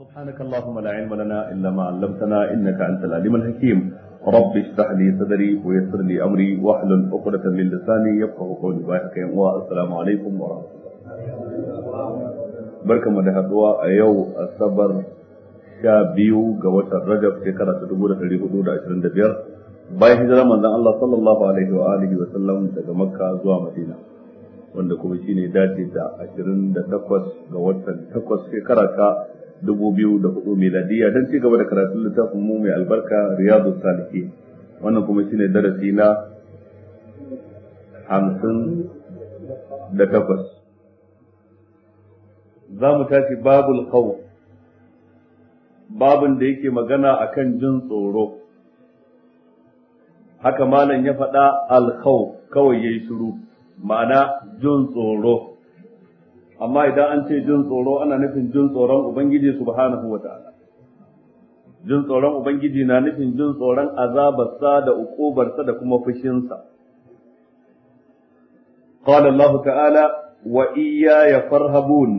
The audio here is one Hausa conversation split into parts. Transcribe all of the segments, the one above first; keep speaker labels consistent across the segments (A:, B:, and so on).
A: سبحانك اللهم لا علم لنا إلا ما علمتنا إنك أنت العليم الحكيم رب اشرح لي صدري ويسر لي أمري واحلل عقدة من لساني يفقه قولي بارك السلام عليكم ورحمة الله barkan mu da haduwa a yau asabar sha biyu ga watan dubu da ɗari hudu da ashirin da biyar bayan hijirar manzon Allah sallallahu alaihi wa alihi wa sallam daga makka zuwa madina wanda kuma dace da ashirin da takwas ga watan takwas dubu biyu miladiya don ci gaba da karatun littafin mu mai albarka riyadu salihin wannan kuma shine darasi na hamsin da takwas za mu tashi babul kawo babin da yake magana a kan jin tsoro haka malam ya faɗa alkhau kawai ya yi shiru ma'ana jin tsoro amma idan an ce jin tsoro ana nufin jin tsoron ubangiji subhanahu wataala jin tsoron ubangiji na nufin jin tsoron azabarsa da ukubarsa da kuma fushinsa قال الله تعالى وإياي فارهبون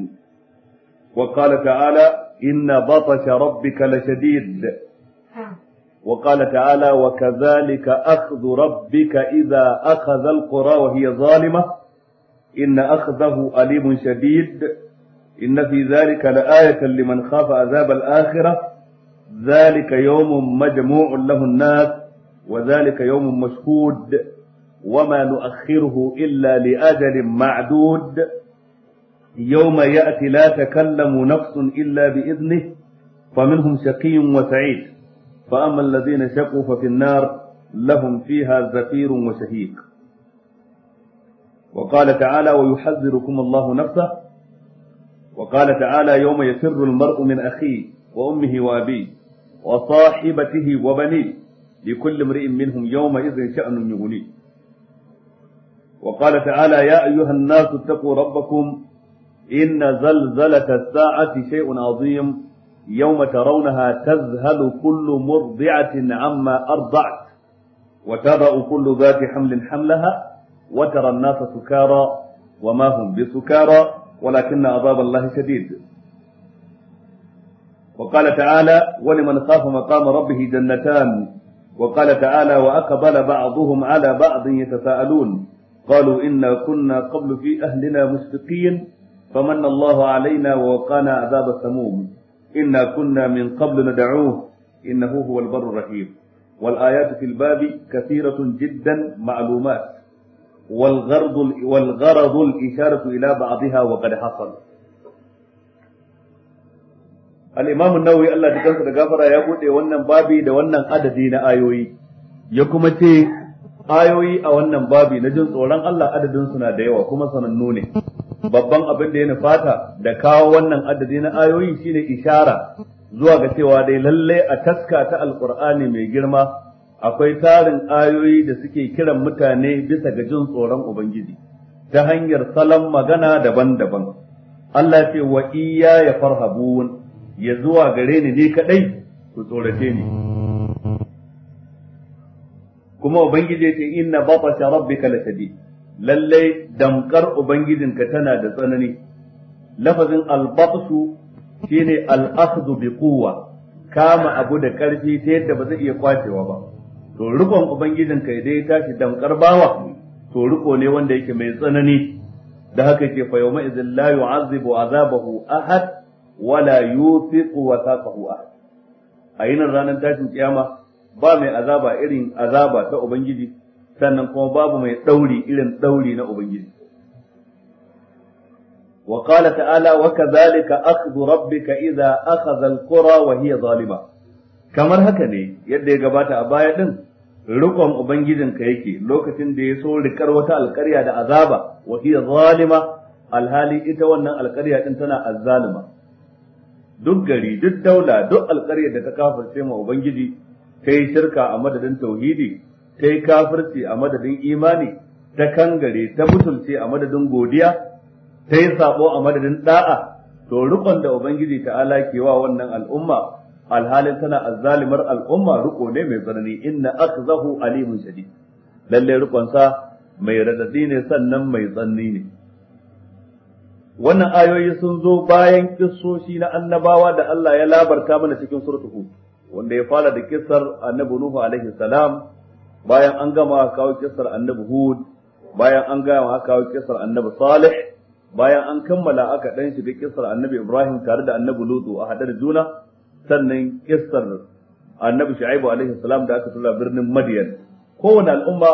A: وقال تعالى إن بطش ربك لشديد وقال تعالى وكذلك أخذ ربك إذا أخذ القرى وهي ظالمة إن أخذه أليم شديد إن في ذلك لآية لمن خاف عذاب الآخرة ذلك يوم مجموع له الناس وذلك يوم مشهود وما نؤخره إلا لأجل معدود يوم يأتي لا تكلم نفس إلا بإذنه فمنهم شقي وسعيد فأما الذين شقوا ففي النار لهم فيها زفير وشهيق وقال تعالى ويحذركم الله نفسه وقال تعالى يوم يفر المرء من أخيه وأمه وأبيه وصاحبته وبنيه لكل امرئ منهم يومئذ شأن يغنيه وقال تعالى يا أيها الناس اتقوا ربكم إن زلزلة الساعة شيء عظيم يوم ترونها تذهل كل مرضعة عما أرضعت وتضع كل ذات حمل حملها وترى الناس سكارى وما هم بسكارى ولكن عذاب الله شديد وقال تعالى ولمن خاف مقام ربه جنتان وقال تعالى وأقبل بعضهم على بعض يتساءلون قالوا إنا كنا قبل في أهلنا مشفقين فمن الله علينا ووقانا عذاب السموم إنا كنا من قبل ندعوه إنه هو البر الرحيم والآيات في الباب كثيرة جدا معلومات والغرض والغرض الإشارة إلى بعضها وقد حصل الإمام النووي الله تكنس دغفرة يقول wannan babi da wannan adadi na ayoyi ya kuma ce ayoyi a wannan babi na jin tsoron Allah adadin suna da yawa kuma sanannu ne babban abin da ya nufata da kawo wannan adadi na ayoyi shine ishara zuwa ga cewa dai lalle a taska ta alqur'ani mai girma akwai tarin ayoyi da suke kiran mutane bisa ga jin tsoron ubangiji ta hanyar salon magana daban-daban Allah ce wa iya ya farhabun ya zuwa gare ni ne kaɗai ku tsorace ni kuma ubangiji ya ce inna batasha rabbika latadid lallai damkar ubangijinka tana da tsanani lafazin albatsu shine al-akhdhu bi kama abu da ƙarfi ta yadda ba zai iya kwacewa ba to Ubangijin ubangijinka idan ya tashi damkar bawa to riko ne wanda yake mai tsanani da haka yake fa yawma idhil la yu'azzibu azabahu ahad wa la yuthiqu wathaqahu ahad a yinin ranar tashin kiyama ba mai azaba irin azaba ta ubangiji sannan kuma babu mai dauri irin dauri na ubangiji wa qala ta'ala wa kadhalika akhdhu rabbika idha akhadha al-qura wa hiya zalima kamar haka ne yadda ya gabata a baya din rukon ubangijinka yake lokacin da ya so rikar wata alƙarya da azaba wa hiya zalima alhali ita wannan alƙarya din tana azzalima duk gari duk daula duk alƙarya da ta kafirce ma ubangiji ta yi shirka a madadin tauhidi ta kafirci a madadin imani ta kangare ta butulce a madadin godiya ta yi sabo a madadin da'a to rukon da ubangiji ta'ala ke wa wannan al'umma alhalin tana azzalimar al'umma riko ne mai tsanani inna akzahu alimun shadid lalle rikonsa mai radadi ne sannan mai tsanani ne wannan ayoyi sun zo bayan kissoshi na annabawa da Allah ya labarta mana cikin suratul hud wanda ya fara da kissar annabi nuhu alaihi salam bayan an gama kawo kissar annabi hud bayan an gama kawo kissar annabi salih bayan an kammala aka dan shiga kissar annabi ibrahim tare da annabi lutu a hadar juna sannan kissar annabi shu'aibu alaihi salam da aka tura birnin madiyan kowane al'umma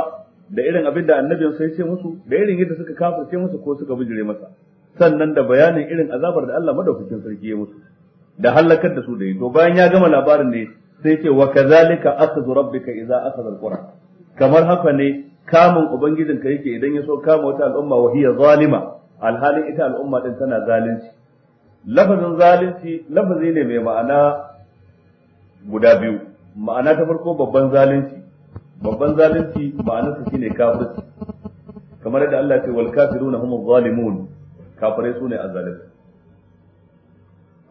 A: da irin abin da annabin sai ce musu da irin yadda suka kafirce musu ko suka bijire masa sannan da bayanin irin azabar da Allah madaukakin sarki ya musu da halakar da su da yi to bayan ya gama labarin ne sai ce wa kazalika akhadhu rabbika idza akhadha alqura kamar haka ne kamun ubangijinka yake idan ya so kama wata al'umma wa zalima alhalin ita al'umma din tana zalunci lafazin zalunci lafazi ne mai ma'ana guda biyu ma'ana ta farko babban zalunci babban zalunci su shine kafirci kamar yadda Allah ce wal kafiruna humu zalimun kafirai su ne azzalimai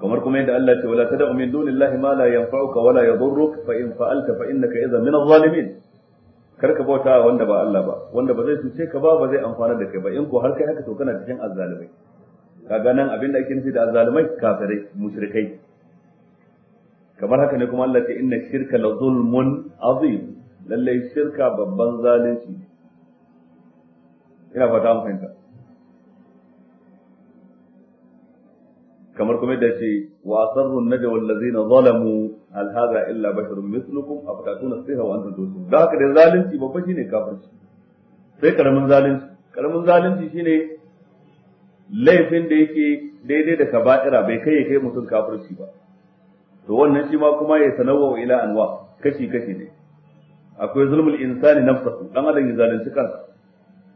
A: kamar kuma yadda Allah ce wala tad'u min dunillahi ma la yanfa'uka wala yadurruk fa in fa'alta fa innaka idhan min adh-dhalimin karka bauta wanda ba Allah ba wanda ba zai cuce ka ba ba zai amfana da kai ba in ko har kai haka to kana cikin azzalimai kaga nan abin da ake nufi da zalimai kafirai mushrikai kamar haka ne kuma Allah ce inna shirka la zulmun azim lalle shirka babban zalunci ina fata an fahimta kamar kuma da ce wa asarru najwa allazina zalamu hal hadha illa basharun mithlukum afatatuna sihra wa antum tusirun da haka da zalunci babba shine kafirci sai karamin zalunci karamin zalunci shine laifin da yake daidai da kaba'ira bai kai ya kai mutum kafirci ba to wannan shi ma kuma ya wa ila anwa kashi kashi ne akwai zulmul insani nafsahu dan adam ya zalunci kansa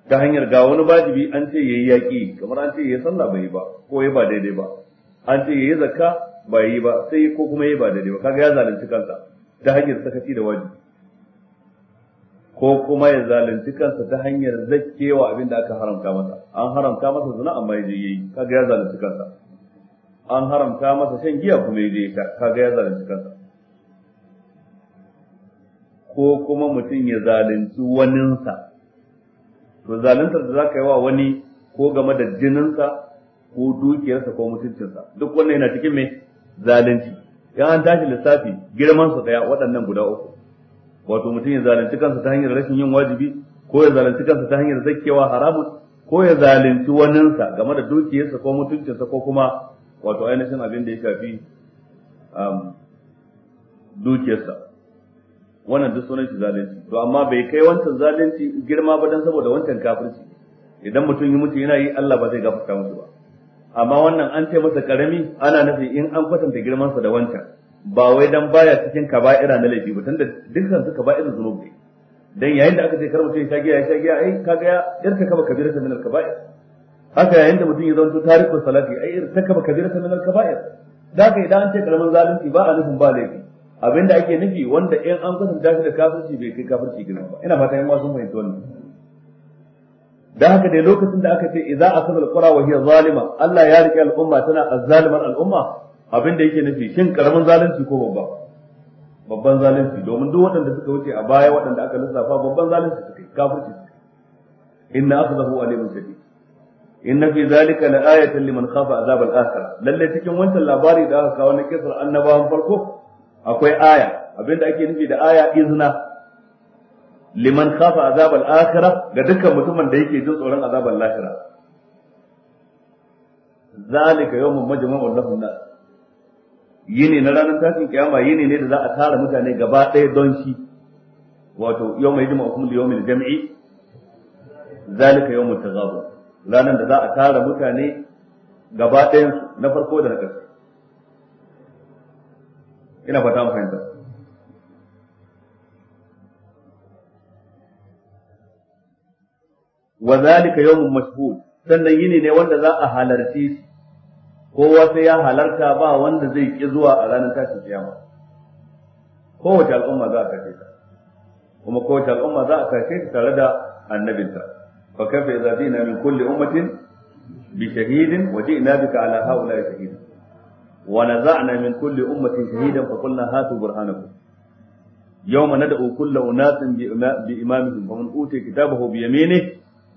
A: ta hanyar ga wani wajibi an ce yayi yaki kamar an ce yayi sallah bai ba ko yayi ba daidai ba an ce yayi zakka bai yi ba sai ko kuma yayi ba daidai ba kaga ya zalunci kansa ta hanyar sakaci da wajibi ko kuma ya zalunci kansa ta hanyar zakkewa abin da aka haramta masa an haramta masa zina amma ya je yi kaga ya zalunci kansa an haramta masa shan giya kuma ya je kaga ya zalunci kansa ko kuma mutum ya zalunci waninsa to zaluntar da za ka yi wa wani ko game da jininsa ko dukiyarsa ko mutuncinsa duk wannan yana cikin mai zalunci yan an tashi lissafi girmansa su daya waɗannan guda uku wato mutum ya zalunci kansa ta hanyar rashin yin wajibi ko ya zalunci kansa ta hanyar zakkewa haramun ko ya zalunci waninsa game da dukiyarsa ko mutuncinsa ko kuma wato ainihin abin da ya shafi um, dukiyarsa wannan duk sunan shi zalunci to amma bai kai wancan zalunci girma ba dan saboda wancan kafirci idan mutum ya mutu yana yi Allah ba zai gafarta musu ba amma wannan an ce masa karami ana nufin in an kwatanta girmansa da wancan ba wai dan baya cikin kaba'ira na laifi ba tunda dukkan su kaba'irin zunubi ne dan yayin da aka ce kar mutum ya shagiya giya ya sha giya ai kaga ya kaba kabiratan min al-kaba'ir haka yayin da mutum ya zanto tariku salati ai kaba kabiratan min al-kaba'ir da kai idan an ce karamin zalunci ba a nufin ba laifi abinda ake nufi wanda in an kwatanta shi da kafirci bai kai kafirci gina ba ina fata yan wasu sun fahimci wannan da haka dai lokacin da aka ce idza asaba al-qura wa hiya zalima Allah ya rike al'umma tana azzalimar al'umma abin da yake nufi shin karamin zalunci ko babba babban zalunci domin duk waɗanda suka wuce a baya waɗanda aka lissafa babban zalunci suka yi kafirci suka yi inna akhdahu alimun shadid inna fi zalika ayatan liman khafa azab al-akhirah lalle cikin wancan labari da aka kawo na kisar annabawan farko akwai aya Abin da ake nufi da aya izna liman khafa azab al-akhirah ga dukkan mutumin da yake jin tsoron azab al-akhirah zalika yawmun majma'u lahu nas yini na ranar tashin kiyama yini ne da za a tara mutane gaba ɗaya don shi wato yau mai jima'a kuma yau mai jami'i zalika yau mutu zabu ranar da za a tara mutane gaba ɗaya na farko da na ƙarshe ina fata mu fahimta wa zalika yawmun mashhud sannan yini ne wanda za a halarci shi kowa sai ya halarta ba wanda zai ƙi zuwa a ranar tashin kiyama kowace al'umma za a kashe ta kuma kowace al'umma za a kashe ta tare da annabinta fa kafa idza jina min kulli ummatin bi shahidin wa ji'na bika ala haula'i shahida wa naza'na min kulli ummatin shahidan fa qulna hatu burhanakum يوم ندعو كل أناس بإمامهم فمن أوتي كتابه بيمينه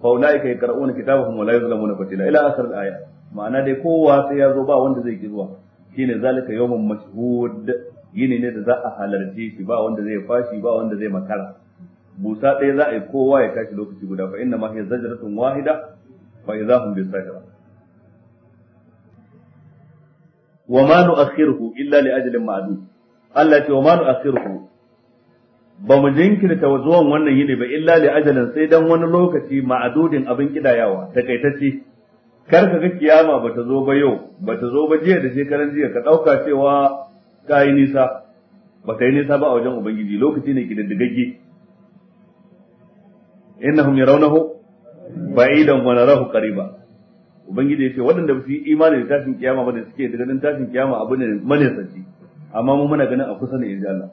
A: فأولئك يقرؤون كتابهم ولا يظلمون فتيلا إلى آخر الآيات ma'ana dai kowa sai ya zo ba wanda zai ki zuwa shine zalika yawmun mashhud yini ne da za a halarci shi ba wanda zai fashi ba wanda zai makara busa ɗaya za a yi kowa ya tashi lokaci guda fa inna ma hiya zajratun wahida fa idza hum sajra wa ma nu'akhiruhu illa li ajalin ma'dud Allah ce wa ma nu'akhiruhu ba mu jinkirta zuwan wannan yini ba illa li ajalin sai dan wani lokaci ma'adudin abin kidayawa takaitacce kar ka ga kiyama bata zo ba yau bata zo ba jiya da shekaran jiya ka dauka cewa ka yi nisa bata yi nisa ba a wajen ubangiji lokaci ne ki diddigagge innahum yarawnahu ba'idan wa narahu qariba ubangiji yace waɗanda ba su yi imani da tashin kiyama ba da suke da ganin tashin kiyama abu ne manesanci amma mu muna ganin a kusa ne insha Allah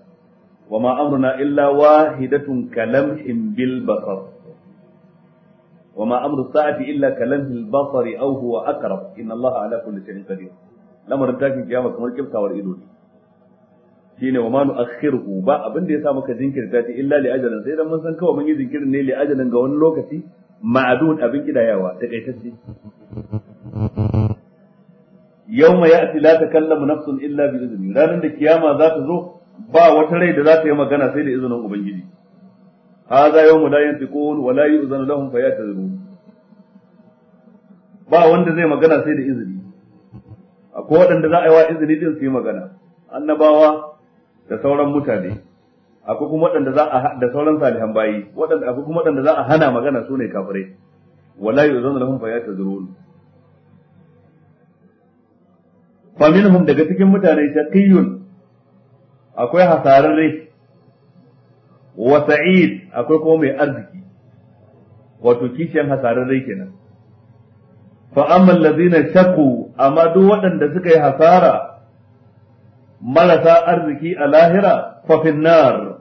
A: wa ma amruna illa wahidatun kalam bil basar وما أمر الساعة إلا كلمه البصر أو هو أقرب إن الله على كل شيء قدير لما نتاكي قيامة كمال كيف تاور إلوني shine wa ma nu'akhiruhu ba abin da yasa muka jinkirta ta illa li ajalin sai dan mun san kawai mun yi jinkirin ne li ajalin ga wani lokaci ma'adun abin kidayawa ta kaitacce illa da kiyama za ta zo ba wata rai da za ta yi magana sai da izinin ubangiji hadha yawmu la yantiqun wa la yu'zanu lahum fayatazrun ba wanda zai magana sai da izini akwai waɗanda za a yi wa izini din su yi magana annabawa da sauran mutane akwai kuma waɗanda za a da sauran salihan bayi waɗanda akwai kuma waɗanda za a hana magana sune ne kafirai wala yu'zanu lahum fayatazrun fa minhum daga cikin mutane shaqiyun akwai hasararre wa sa'id akwai kuma mai arziki wato kishiyan rai kenan fa amma allazina shaqu amma duk waɗanda suka yi hasara marasa arziki a lahira fa finnar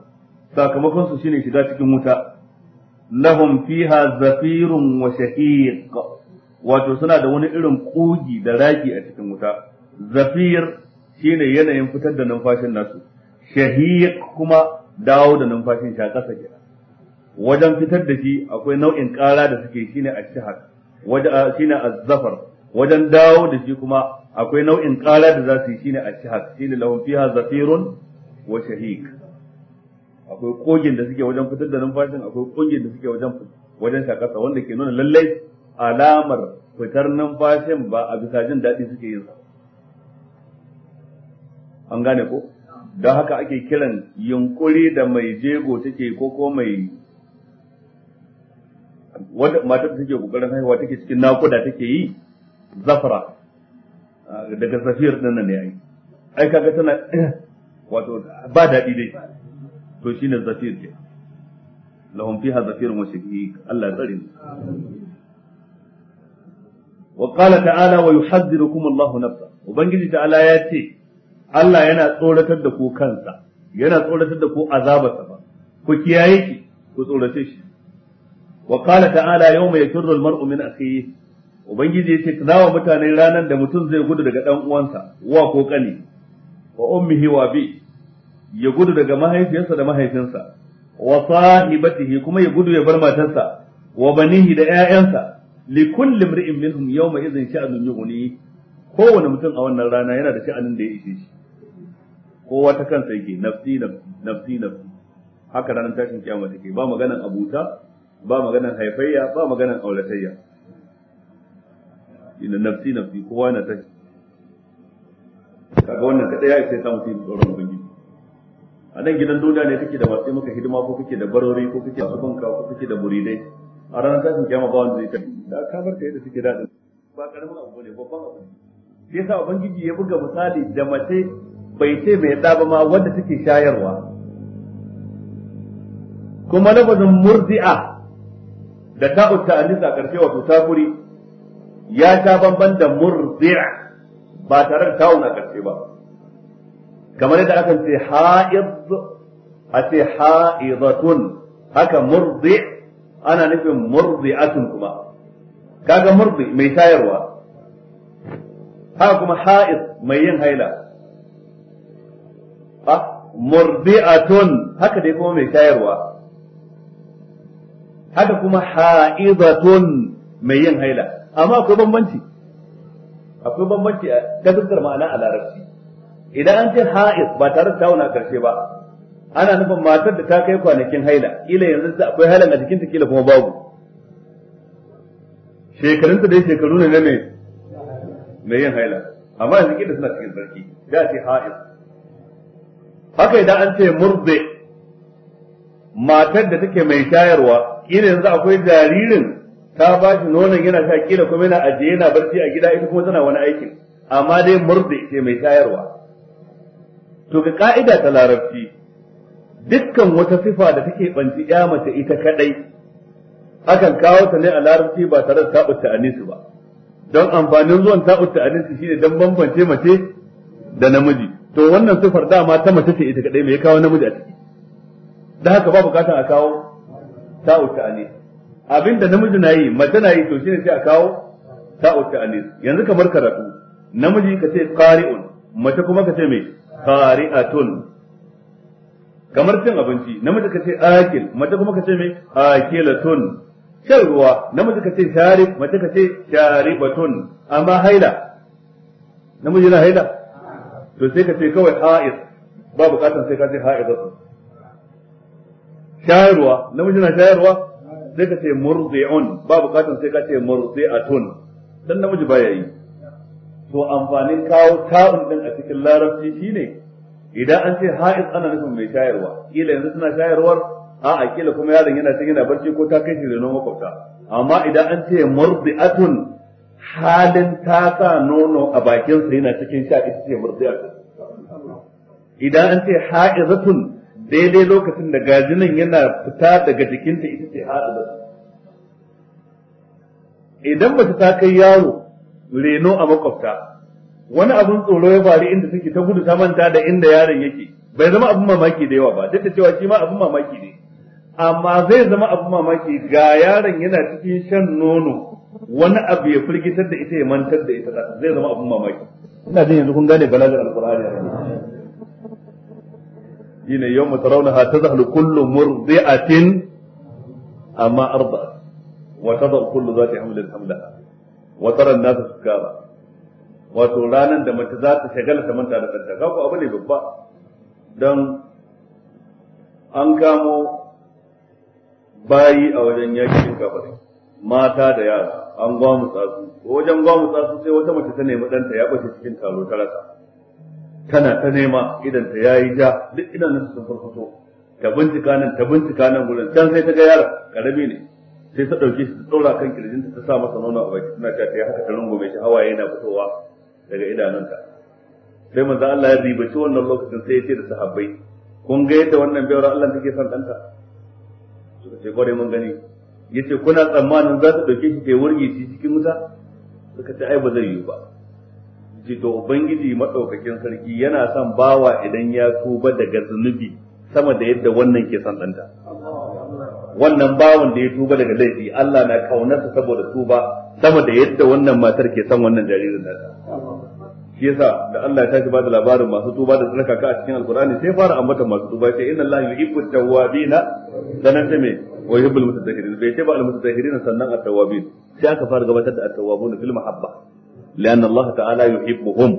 A: sakamakon su shine shiga cikin wuta lahum fiha zafirun wa shaqiq wato suna da wani irin kogi da raki a cikin wuta zafir shine yanayin fitar da numfashin nasu shahiq kuma dawo da numfashin shi a ƙasa kenan wajen fitar da shi akwai nau'in ƙara da suke shine ashhaq wajen shine zafar. wajen dawo da shi kuma akwai nau'in ƙara da za su yi shine shahar shine lahun fiha zafirun wa shahik akwai kogin da suke wajen fitar da numfashin akwai kogin da suke wajen wajen shakarsa wanda ke nuna lallai alamar fitar numfashin ba a bisa jin daɗi suke yin sa an gane ko don haka ake kiran yunkuri da mai jego take ko ko mai wanda matar take kokarin haihuwa take cikin nakuda take yi zafara ah, daga safiyar din nan ne ai ai kaga tana wato ba daɗi dai to shine zafir ke lahum fiha zafirun wa shaqiq Allah tsare mu wa qala ta'ala wa yuhadhdhirukum Allahu nafsa ubangiji ta'ala ya ce Allah yana tsoratar da ku kansa yana tsoratar da ku azabarsa ba ku kiyaye ki ku tsorace shi wa qala ta'ala yawma yakirru al-mar'u min akhihi ubangiji yace zawa mutane ranan da mutum zai gudu daga dan uwansa wa ko kani wa ummihi wa bi ya gudu daga mahaifiyarsa da mahaifinsa wa sahibatihi kuma ya gudu ya bar matarsa wa banihi da ƴaƴansa li kulli imri'in minhum yawma idhin sha'anun yughni kowane mutum a wannan rana yana da sha'anin da ya ishe shi kowa ta kansa yake nafsi nafsi nafsi haka ranar tashin kiyama take ba maganan abuta ba maganan haifayya ba maganan aulatayya ina nafsi nafsi kowa na tashi kaga wannan kadai ya sai ta mutum tsoron ubangiji a nan gidan duniya ne kake da masu maka hidima ko kake da barori ko kake da banka ko kake da muridai a ranar tashin kiyama ba wanda zai ta da ka bar ta yadda suke daɗin ba karamin abu ne babban abu ne sai sa ubangiji ya buga misali da mace bai ce mai ɗa ba ma wanda take shayarwa kuma lafazin murdi'a da ta'u ta'anis a ƙarshe wato takuri ya sha bamban da murdi'a ba tare da tawun a ƙarshe ba kamar yadda akan ce ha'id a ce ha'idatun haka murdi ana nufin murdi'atun kuma kaga murdi mai shayarwa haka kuma ha'id mai yin haila murdi'atun haka dai kuma mai shayarwa haka kuma ha'idatun mai yin haila amma akwai bambanci akwai bambanci a kasar ma'ana a larabci idan an ce ha'id ba tare da tawuna karshe ba ana nufin matar da ta kai kwanakin haila ila yanzu akwai haila a jikinta kila kuma babu shekarunta dai shekaru ne na mai yin haila amma yanzu kila suna cikin sarki da ce ha'id haka idan an ce murbe, matar da take mai shayarwa kila yanzu akwai jaririn ta ba shi nonon yana sha kila kuma yana ajiye yana barci a gida ita kuma tana wani aiki amma dai murbe ce mai shayarwa to ga ka'ida ta larabci dukkan wata sifa da take banci ya mace ita kadai akan kawo ta ne a larabci ba tare da taɓutta anisu ba don amfanin zuwan taɓutta anisu shine don bambance mace da namiji to wannan sifar dama ta mace ce ita kadai mai kawo namiji a ciki da haka ba bukatar a kawo ne. Abin abinda namiji na yi mace na yi to shine sai a kawo uta ne. yanzu kamar karatu namiji ka ce qari'un mace kuma ka ce mai qari'atun kamar cin abinci namiji ka ce akil mace kuma ka ce mai akilatun shan ruwa namiji ka ce sharib mace ka ce sharibatun amma haila namiji na haila to sai ka ce kawai ha'id ba bukatan sai ka ce ba shayarwa namiji na shayarwa sai ka ce murdi'un ba bukatan sai ka ce murdi'atun dan namiji ba yayi to amfanin kawo ta'un din a cikin larabci shine idan an ce ha'iz ana nufin mai shayarwa kila yanzu tana shayarwar a a kila kuma yaron yana cikin yana barci ko ta kai shi da nomo makwabta amma idan an ce murdi'atun halin ta sa nono a bakinsa yana cikin sha ita ce murdiya idan an ce ha'izatun daidai lokacin da gajinan yana fita daga jikinta ita ce ha'izatun idan mace ta kai yaro reno a makwabta wani abin tsoro ya faru inda suke ta gudu ta manta da inda yaron yake bai zama abin mamaki da yawa ba duk da cewa shi ma abin mamaki ne amma zai zama abin mamaki ga yaron yana cikin shan nono wani abu ya firgitar da ita ya mantar da ita zai zama abun mamaki ina jin yanzu kun gane balagar alqur'ani shine yawma tarawnaha tazhalu kullu murdi'atin amma arda'at wa tadau kullu zati hamlin hamlaha wa tara an-nasa sukara wato ranan da mace za ta shagala ta manta da kanta ga abu ne babba dan an kamo bayi a wajen yakin kafirai mata da yara an gwamutsa su ko wajen gwamutsa su sai wata mace ta nemi ɗanta ya ɓace cikin taro ta rasa tana ta nema idan ta yayi ja duk idan sun farfato ta bincika nan ta bincika nan gurin can sai ta ga yara karami ne sai ta ɗauke shi ta ɗora kan kirjin ta sa masa nono a baki tana ta yi haka ta rungume shi hawaye yana fitowa daga idanunta sai manzo Allah ya ribaci wannan lokacin sai ya ce da sahabbai kun ga yadda wannan bayar Allah take son ɗanta suka ce gore mun gani yace kuna tsammanin za ta dauke shi ta wurge shi cikin wuta suka ce ai ba zai yi ba yace to ubangiji madaukakin sarki yana son bawa idan ya tuba daga zunubi sama da yadda wannan ke son danta wannan bawan da ya tuba daga laifi Allah na kaunarsa saboda tuba sama da yadda wannan matar ke son wannan jaririn nata shi yasa da Allah ya tashi bada labarin masu tuba da tsarkaka a cikin alkur'ani sai fara ambata masu tuba sai inna Allah yuhibbu tawwabina sanan ta me wa yuhibbul mutatahhirin bai ce ba al mutatahhirin sannan at tawabin sai aka fara gabatar da at tawabun fil mahabba lian Allah ta'ala yuhibbuhum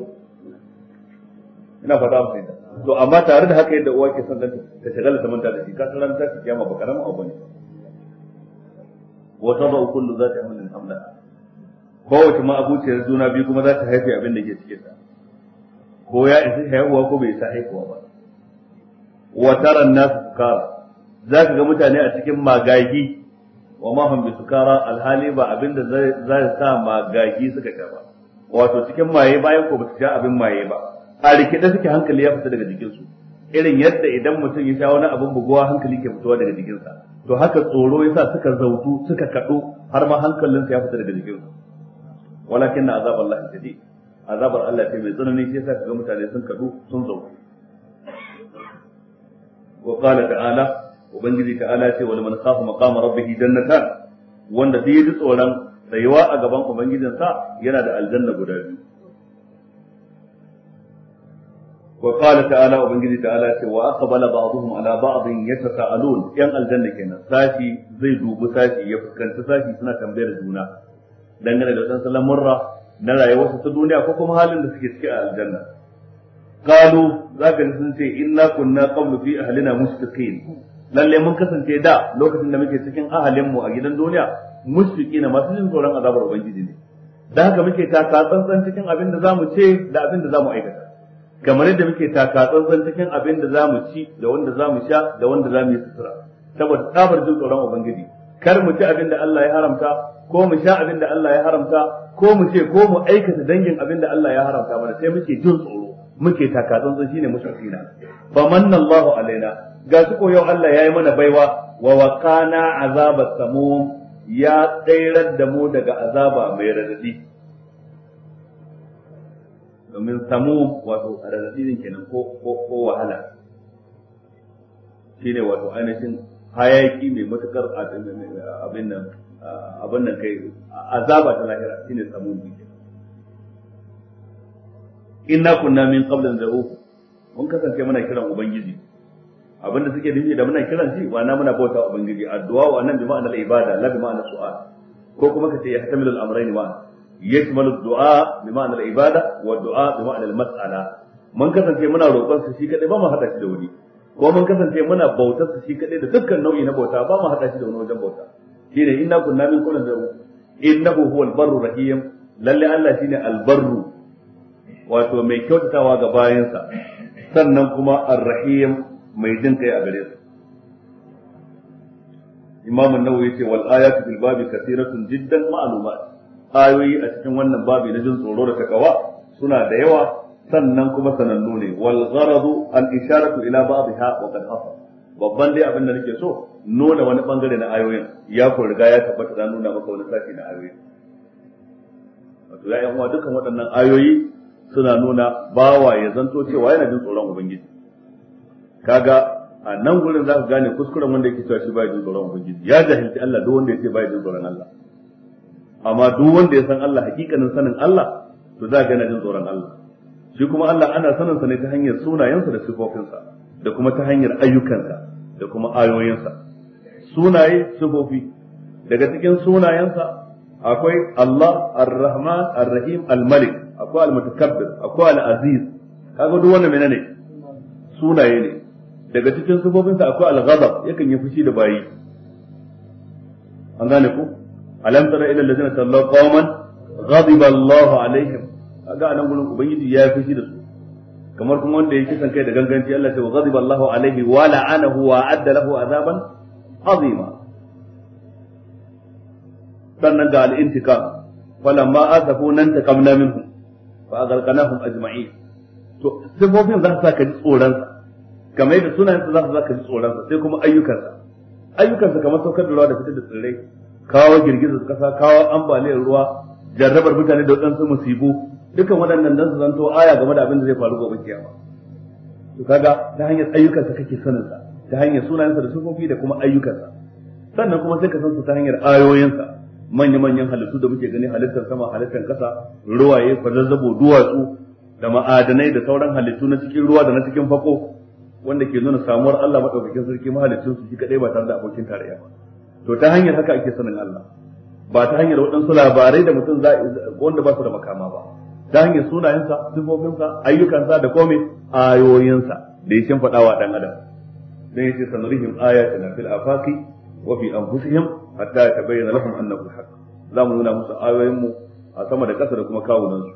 A: ina fata an fahimta to amma tare da haka yadda uwa ke son danta ta shagala ta manta da shi ka san ta kiyama ba karamin abu ne wa tadau kullu zati hamlin hamla kowace ma abuciyar juna biyu kuma za ta haife abin da ke cikin ta ko ya isa haihuwa ko bai isa haihuwa ba wa tara nasu sukara za ka ga mutane a cikin magagi wa mahum bi sukara alhali ba abin da za sa magagi suka sha ba wato cikin maye bayan ko ba su sha abin maye ba a rikide suke hankali ya fita daga jikinsu irin yadda idan mutum ya sha wani abin buguwa hankali ke fitowa daga jikinsa to haka tsoro ya sa suka zautu suka kaɗu har ma hankalinsa ya fita daga jikinsu walakin na azabar Allah shadid azabar Allah ce mai tsanani shi yasa kaga mutane sun kaɗu sun zautu wa qala ta'ala ubangiji ta'ala ce wal man khafa maqama rabbih jannatan wanda sai ya ji tsoron tsayuwa a gaban ubangijinsa yana da aljanna guda biyu wa qala ta'ala ubangiji ta'ala ce wa aqbala ba'dhum ala ba'dhin yatasaalun yan aljanna kenan sashi zai dubi sashi ya fuskanci sashi suna tambayar juna dangane da wadansu lamurra na rayuwarsu ta duniya ko kuma halin da suke ciki a aljanna قالوا ذاك الذين إنا كنا قبل في أهلنا مشفقين lalle mun kasance da lokacin da muke cikin ahalin mu a gidan duniya mushriki na masu jin tsoron azabar ubangiji ne da haka muke taka tsantsan cikin abin da zamu ce da abin da zamu aikata kamar yadda muke taka tsantsan cikin abin da zamu ci da wanda zamu sha da wanda zamu yi sutura saboda tsabar jin tsoron ubangiji kar mu ci abin da Allah ya haramta ko mu sha abin da Allah ya haramta ko mu ce ko mu aikata dangin abin da Allah ya haramta mana sai muke jin tsoro muke tsantsan shine mushrikina Ba manna Allahu alaina ga su ko yau Allah yayi mana baiwa wa waqana azaba samum ya tsairar da mu daga azaba mai radadi domin samum wato radadi din kenan ko ko ko wahala shine wato ainihin hayaki mai matukar abin nan abin nan kai azaba ta lahira shine samum kenan inna kunna min qablan da'u mun kasance muna kiran ubangiji abinda suke nufi da muna kiran shi wa na muna bauta ubangiji addu'a wa nan bi ma'ana al-ibada la bi ma'ana su'al ko kuma kace ya tamilu al-amrayn wa yashmalu ad-du'a bi ma'ana al-ibada wa du'a bi ma'ana al-mas'ala mun kasance muna roƙon su shi kadai ba mu hada shi da wani ko mun kasance muna bautar su shi kadai da dukkan nau'i na bauta ba mu hada shi da wani wajen bauta shine inna kunna min kullu zaru innahu huwal barru rahim lalle Allah shine al-barru wato mai kyautatawa ga bayansa sannan kuma arrahim mai jin kai a gare su imam an-nawawi ce wal ayatu bil babi kathiratun jiddan ma'lumat ayoyi a cikin wannan babi na jin tsoro da takawa suna da yawa sannan kuma sanannu ne wal gharadu al isharatu ila ba'dha wa qad hafa? babban dai abin da nake so nuna wani bangare na ayoyin ya ko riga ya tabbata da nuna maka wani sashi na ayoyin wato ya yan uwa dukkan waɗannan ayoyi suna nuna bawa ya zanto cewa yana jin tsoron ubangiji kaga a nan gurin ka gane kuskuren wanda yake cewa shi baya jin tsoron ubangiji ya jahilci Allah duk wanda yake baya jin tsoron Allah amma duk wanda ya san Allah hakikanin sanin Allah to za ga yana jin tsoron Allah shi kuma Allah ana sanin sa ne ta hanyar sunayensa da sifofinsa da kuma ta hanyar ayyukansa da kuma ayoyinsa sunaye sifofi daga cikin sunayensa akwai Allah ar-Rahman ar-Rahim al-Malik akwai al-mutakabbir akwai al-aziz kaga duk wannan menene sunaye ne daga cikin sufofinsa akwai al-ghadab yakan yi fushi da bayi an gane ku alam tara ila allazina sallu qauman ghadiba Allahu alaihim kaga anan gurin ubangiji ya fushi da su kamar kuma wanda ya kisan kai da ganganci Allah ya ghadiba Allahu alaihi wa la'anahu wa adda lahu azaban azima sannan ga al-intiqam falamma asafu nan takamna minhum fa agharqnahum ajma'in to sifofin za su saka ji tsoron kamar yadda sunayen za su saka ji tsoron sai kuma ayyukansa ayyukansa kamar saukar da ruwa da fitar da tsirrai kawo girgizar kasa kawo ambaliyar ruwa jarrabar mutane da waɗansu musibu dukan waɗannan dan su zanto aya game da abin da zai faru gobe kiyama to kaga ta hanyar ayyukansa kake sanin sa ta hanyar sunayensa da sifofi da kuma ayyukansa sannan kuma sai ka san su ta hanyar ayoyinsa manya-manyan halittu da muke gani halittar sama halittar kasa ruwaye kwazazzabo duwatsu da ma'adanai da sauran halittu na cikin ruwa da na cikin fako wanda ke nuna samuwar Allah madaukakin sarki mahalicin su shi kadai ba tare da abokin tarayya ba to ta hanyar haka ake sanin Allah ba ta hanyar waɗansu labarai da mutum wanda ba su da makama ba ta hanyar sunayensa sifofinsa ayyukansa da komai ayoyinsa da ya faɗawa dan ɗan adam dan yake sanarihim ayatin fil afaqi wa fi anfusihim hatta ya bayyana lahum annahu alhaq za mu nuna masu ayoyin mu a sama da ƙasa da kuma kawunan su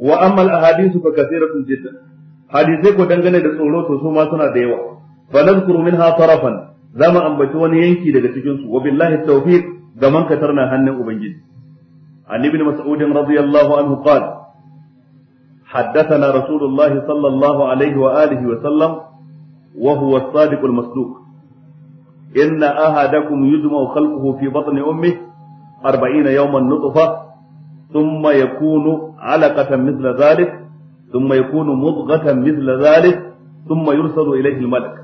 A: wa amma alahadithu fa kathiratun jiddan hadisai ko dangane da tsoro to su ma suna da yawa fa nadhkuru minha tarafan za mu ambaci wani yanki daga cikin su wa billahi ga hannun ubangiji an ibn mas'ud radiyallahu anhu qala حدثنا رسول الله صلى الله عليه وآله وسلم وهو الصادق المصدوق إن أحدكم يجمع خلقه في بطن أمه أربعين يوما نطفة ثم يكون علقة مثل ذلك ثم يكون مضغة مثل ذلك ثم يرسل إليه الملك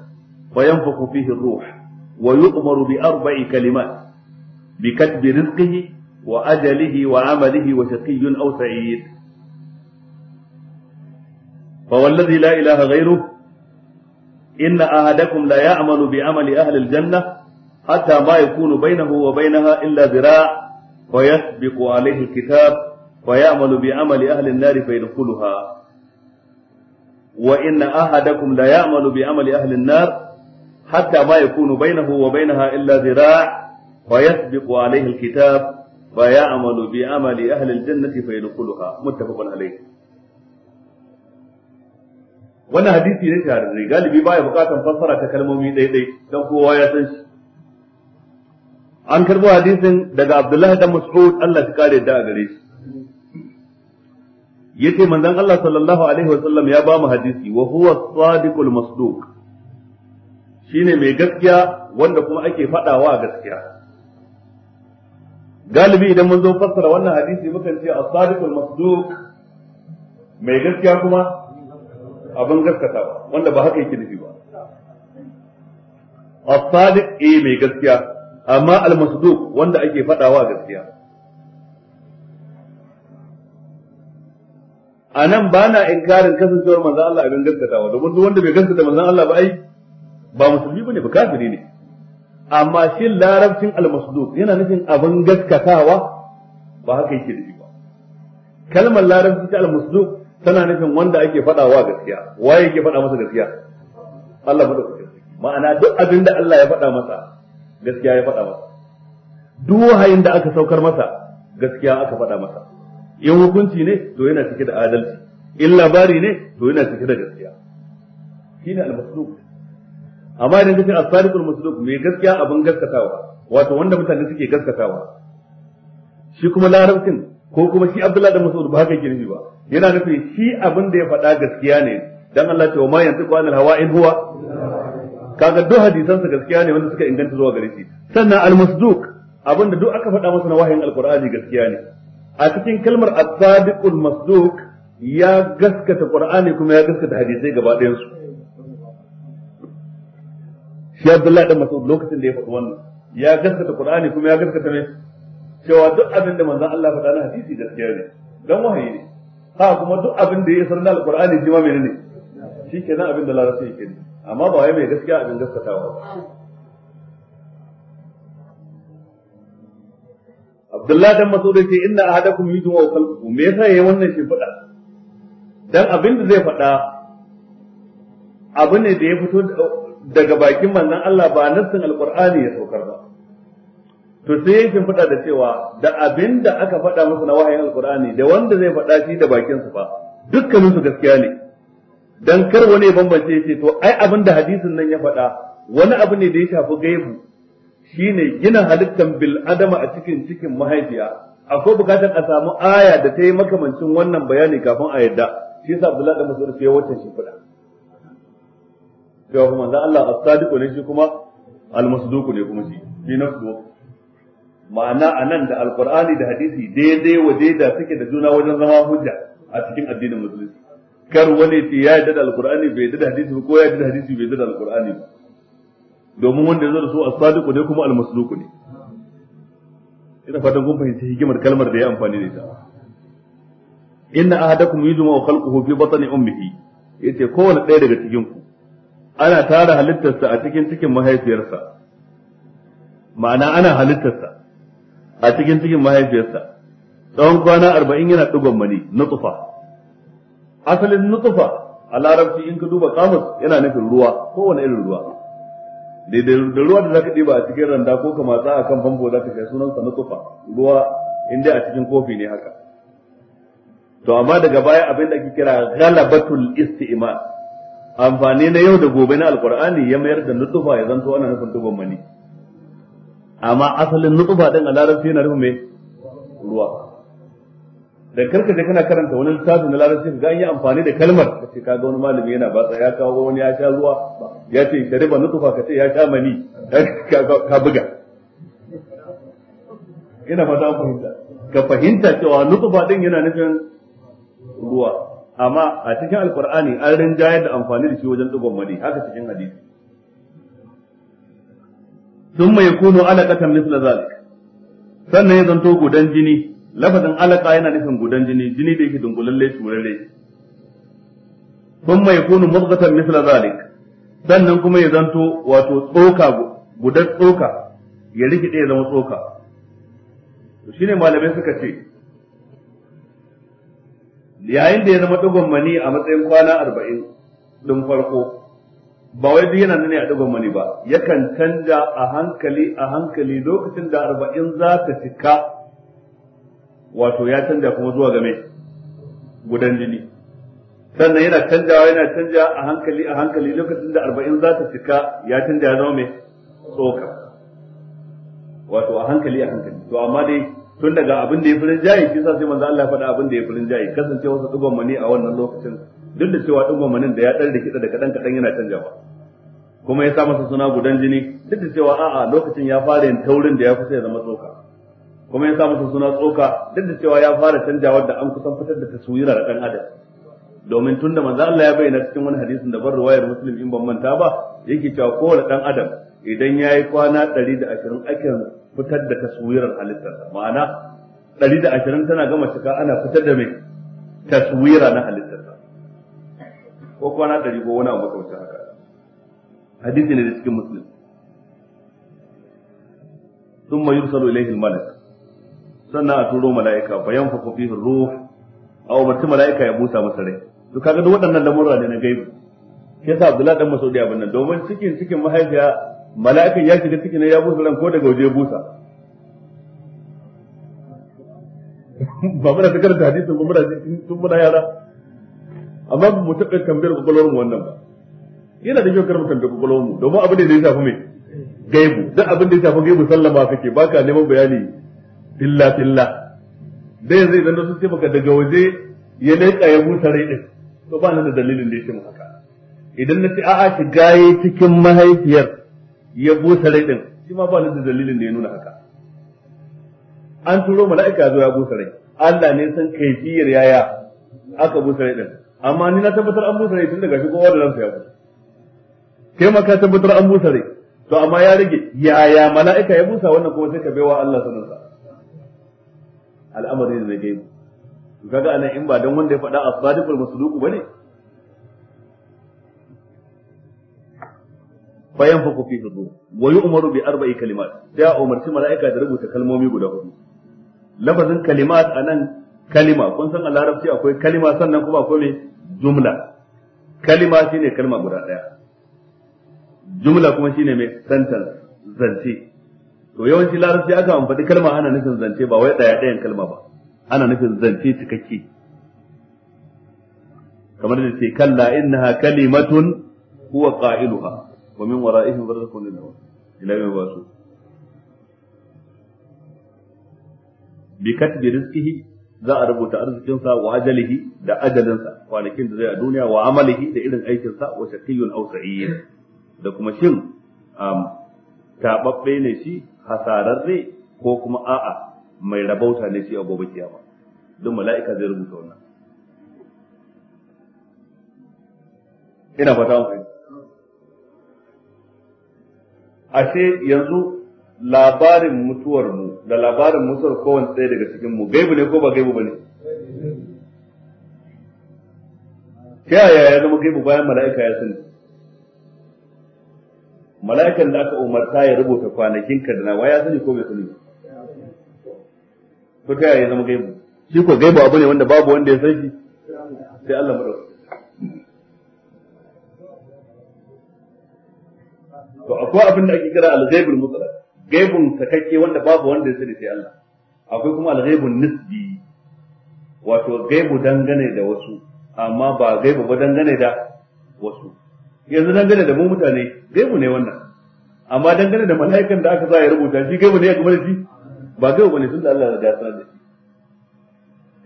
A: فينفخ فيه الروح ويؤمر بأربع كلمات بكتب رزقه وأجله وعمله وشقي أو سعيد فوالذي لا إله غيره إن أحدكم لا يعمل بعمل أهل الجنة حتى ما يكون بينه وبينها إلا ذراع فيسبق عليه الكتاب فيعمل بعمل أهل النار فيدخلها وإن أحدكم لا يعمل بعمل أهل النار حتى ما يكون بينه وبينها إلا ذراع فيسبق عليه الكتاب فيعمل بعمل أهل الجنة فيدخلها متفق عليه wannan hadisi ne shahararre galibi baya bukatan fassara ta kalmomi daidai don kowa ya san shi an karbo hadisin daga Abdullahi dan Mas'ud Allah ya kare da gare shi yace manzon Allah sallallahu alaihi wa sallam ya ba mu hadisi wa huwa sadiqul masduq shine mai gaskiya wanda kuma ake fadawa gaskiya galibi idan mun zo fassara wannan hadisi mukan ce as-sadiqul masduq mai gaskiya kuma abin gaskatawa wanda ba haka yake nufi ba as-sadiq eh mai gaskiya amma al-masduq wanda ake fadawa gaskiya a nan ba na inkarin kasancewar manzan Allah abin gaskatawa domin duk wanda bai gaskata manzan Allah ba ai ba musulmi bane ba kafiri ne amma shin larabcin al almasduq yana nufin abin gaskatawa ba haka yake da ba kalmar larabci ta almasduq tana nufin wanda ake faɗa wa gaskiya waye yake faɗa masa gaskiya Allah madaukakin gaskiya ma'ana duk abin da Allah ya faɗa masa gaskiya ya faɗa masa duk wahayin da aka saukar masa gaskiya aka faɗa masa in hukunci ne to yana cike da adalci in labari ne to yana cike da gaskiya shine al-masluk amma idan kace as-sadiqul masluk mai gaskiya abin gaskatawa wato wanda mutane suke gaskatawa shi kuma larabcin ko kuma shi Abdullahi da Mas'ud ba haka nufi ba yana nufi shi abin da ya faɗa gaskiya ne dan Allah ta wa ma yantiqu hawa in huwa kaga duk hadisan sa gaskiya ne wanda suka inganta zuwa gare shi sannan al-masduq abin da duk aka faɗa masa na wahayin Al-Qur'ani gaskiya ne a cikin kalmar as-sadiqul masduq ya gaskata qur'ani kuma ya gaskata hadisai gaba ɗayan su shi Abdullahi da Mas'ud lokacin da ya faɗa wannan ya gaskata Qur'ani kuma ya gaskata ne cewa duk abin da manzon Allah faɗa na hadisi gaskiya ne dan wahayi ne ha kuma duk abin da ya isar na alqur'ani shi ma menene shi nan abin da larabci yake ne amma ba wai mai gaskiya abin gaskatawa ba Abdullah dan Mas'ud yace inna ahadakum yudu wa qalbuhu me yasa yayi wannan shi faɗa? dan abin da zai faɗa, abu ne da ya fito daga bakin manzon Allah ba nassin alqur'ani ya saukar ba to sai yake faɗa da cewa da abin da aka faɗa musu na wahayin alkur'ani da wanda zai faɗa shi da bakinsu ba dukkanin su gaskiya ne dan kar wani bambance ya ce to ai abin da hadisin nan ya faɗa wani abu ne da ya shafi gaibu shine gina halittan bil adama a cikin cikin mahaifiya akwai bukatar a samu aya da ta yi makamancin wannan bayani kafin a yadda shi yasa Abdullahi da Mas'ud ya wacce shi fada cewa kuma manzo Allah as sadiq ne shi kuma al masduq ne kuma shi shi nafsu ma'ana a nan da alkur'ani da hadisi daidai wa daida suke da juna wajen zama hujja a cikin addinin musulunci kar wani ce ya yarda da alkur'ani bai yarda da hadisi ba ko ya yarda da hadisi bai yarda da alkur'ani ba domin wanda ya zo da su as-sadiqu ne kuma al-masluqu ne ina fatan kun fahimci hikimar kalmar da ya amfani da ita inna ahadakum yujma'u khalquhu fi batni ummihi yace kowanne ɗaya daga cikin ku ana tara halittarsa a cikin cikin mahaifiyarsa ma'ana ana halittarsa a cikin cikin mahaifiyarsa tsawon kwana arba'in yana ɗigon mani nutsufa asalin nutsufa a larabci in ka duba kamus yana nufin ruwa kowane irin ruwa da ruwa da zaka ɗiba a cikin randa ko ka matsa a kan famfo zaka kai sunansa nutsufa ruwa inda a cikin kofi ne haka to amma daga baya abin da ake kira galabatul isti'mal amfani na yau da gobe na alqur'ani ya mayar da nutsufa ya zanto ana nufin dubban mani amma asalin nutsufa din a larabci yana nufin me ruwa da karka je kana karanta wani littafi na larabci ga an yi amfani da kalmar ka ce kaga wani malami yana batsa ya kawo wani ya sha ruwa ya ce shariba nutsufa ka ce ya sha mani ka buga ina fata fahimta ka fahimta cewa nutsufa din yana nufin ruwa amma a cikin alkur'ani an rinjayar da amfani da shi wajen digon mani haka cikin hadisi Sun thumma yakunu alaqatan misla zalik sannan ya zanto gudan jini lafazin alaƙa yana nufin gudan jini jini da yake dunkulalle turare Sun mai yakunu mudghatan misla zalik sannan kuma ya zanto wato tsoka gudan tsoka ya rikide ya zama tsoka to shine malamai suka ce yayin da ya zama digon mani a matsayin kwana arba'in din farko ba wai duk yana ne a digon mani ba yakan canja a hankali a hankali lokacin da arba'in za ta cika wato ya canja kuma zuwa game gudan jini sannan yana canjawa yana canja a hankali a hankali lokacin da arba'in za ta cika ya canja ya zama mai tsoka wato a hankali a hankali to amma dai tun daga abin da ya furin jayi shi sa sai manzo Allah faɗa abin da ya furin jayi kasance wasu dugon mani a wannan lokacin duk da cewa dugon manin da ya dan da kida da kadan kadan yana canjawa kuma ya sa masa suna gudan jini duk da cewa a'a lokacin ya fara yin taurin da ya kusa ya zama tsoka kuma ya sa masa suna tsoka duk da cewa ya fara canjawa da an kusan fitar da taswira da dan adam domin tun da manzo Allah ya bayyana cikin wani hadisin da bar ruwayar muslim in ban manta ba yake cewa kowane dan adam idan ya yi kwana 120 da ashirin akan fitar da taswirar halittarsa ma'ana 120 da ashirin tana gama cika ana fitar da mai taswira na halittarsa ko kwana 100 ko wani abu kawai haka hadisi ne da cikin muslim ثم يرسل إليه Malik. sannan a turo mala'ika bayan fa ruwa ruh aw mala'ika ya busa masa rai to kaga duk waɗannan lamurra ne na gaibi yasa Abdullahi dan Masudi abin nan domin cikin cikin mahaifiya mala'ikan ya shiga ciki ne ya busa ran ko daga waje busa ba muna ta karanta hadisi ba da tun muna yara amma mu taɓa tambayar kwakwalwar mu wannan ba yana da kyau karmu tambayar kwakwalwar mu domin abin da ya shafi mai gaibu duk abin da ya shafi gaibu sallama kake baka neman bayani filla filla dai yanzu idan sun ce maka daga waje ya leƙa ya busa rai din to ba nan da dalilin da ya ce haka idan na ce a'a ki gaye cikin mahaifiyar ya busa rai din shi ma ba da dalilin da ya nuna haka an turo mala'ika zo ya busa rai Allah ne san kaifiyar yaya aka busa rai din amma ni na tabbatar an busa rai tun daga shi kowa da nan ya busa kai ma ka tabbatar an busa rai to amma ya rage yaya mala'ika ya busa wannan kuma sai ka baiwa Allah sanarsa al'amari ne na gaibu kaga anan in ba dan wanda ya faɗa as musluku bane bayan fa kufi zudu wa umaru bi arba'i kalimat sai a umarci mala'ika da rubuta kalmomi guda hudu lafazin kalimat anan kalima kun san a larabci akwai kalima sannan kuma akwai mai jumla kalima shine kalma guda daya jumla kuma shine mai sentence zance to yawanci larabci aka amfani kalma ana nufin zance ba wai daya ɗayan kalma ba ana nufin zance cikakke kamar da ce kalla innaha kalimatun huwa qailuha wa min wara'ihim barzakun ila yawm yub'athun bi katbi rizqihi za a rubuta arzikinsa wa ajalihi da ajalinsa kwanakin da zai a duniya wa amalihi da irin aikinsa wa shaqiyyun aw sa'id da kuma shin tababbe ne shi hasararre ko kuma a'a mai rabauta ne shi a gobe kiyama don mala'ika zai rubuta wannan ina fata mu ashe yanzu labarin mutuwar mu da labarin mutuwar kowanne ɗaya daga cikin mu gaibu ne ko ba gaibu bane ta yaya ya zama gaibu bayan mala'ika ya sani mala'ikan da aka umarta ya rubuta kwanakin ka da na waya sani ko bai sani ko ta yaya ya zama gaibu shi ko gaibu abu ne wanda babu wanda ya san shi sai Allah madaukakin to akwai abin da ake kira al-ghaibul mutlaq gaibun sakakke wanda babu wanda ya sani sai Allah akwai kuma al-ghaibun nisbi wato gaibu dangane da wasu amma ba gaibu ba dangane da wasu yanzu dangane da mu mutane gaibu ne wannan amma dangane da mala'ikan da aka sa ya rubuta shi gaibu ne ya kuma shi ba gaibu bane tunda Allah ya sanar da shi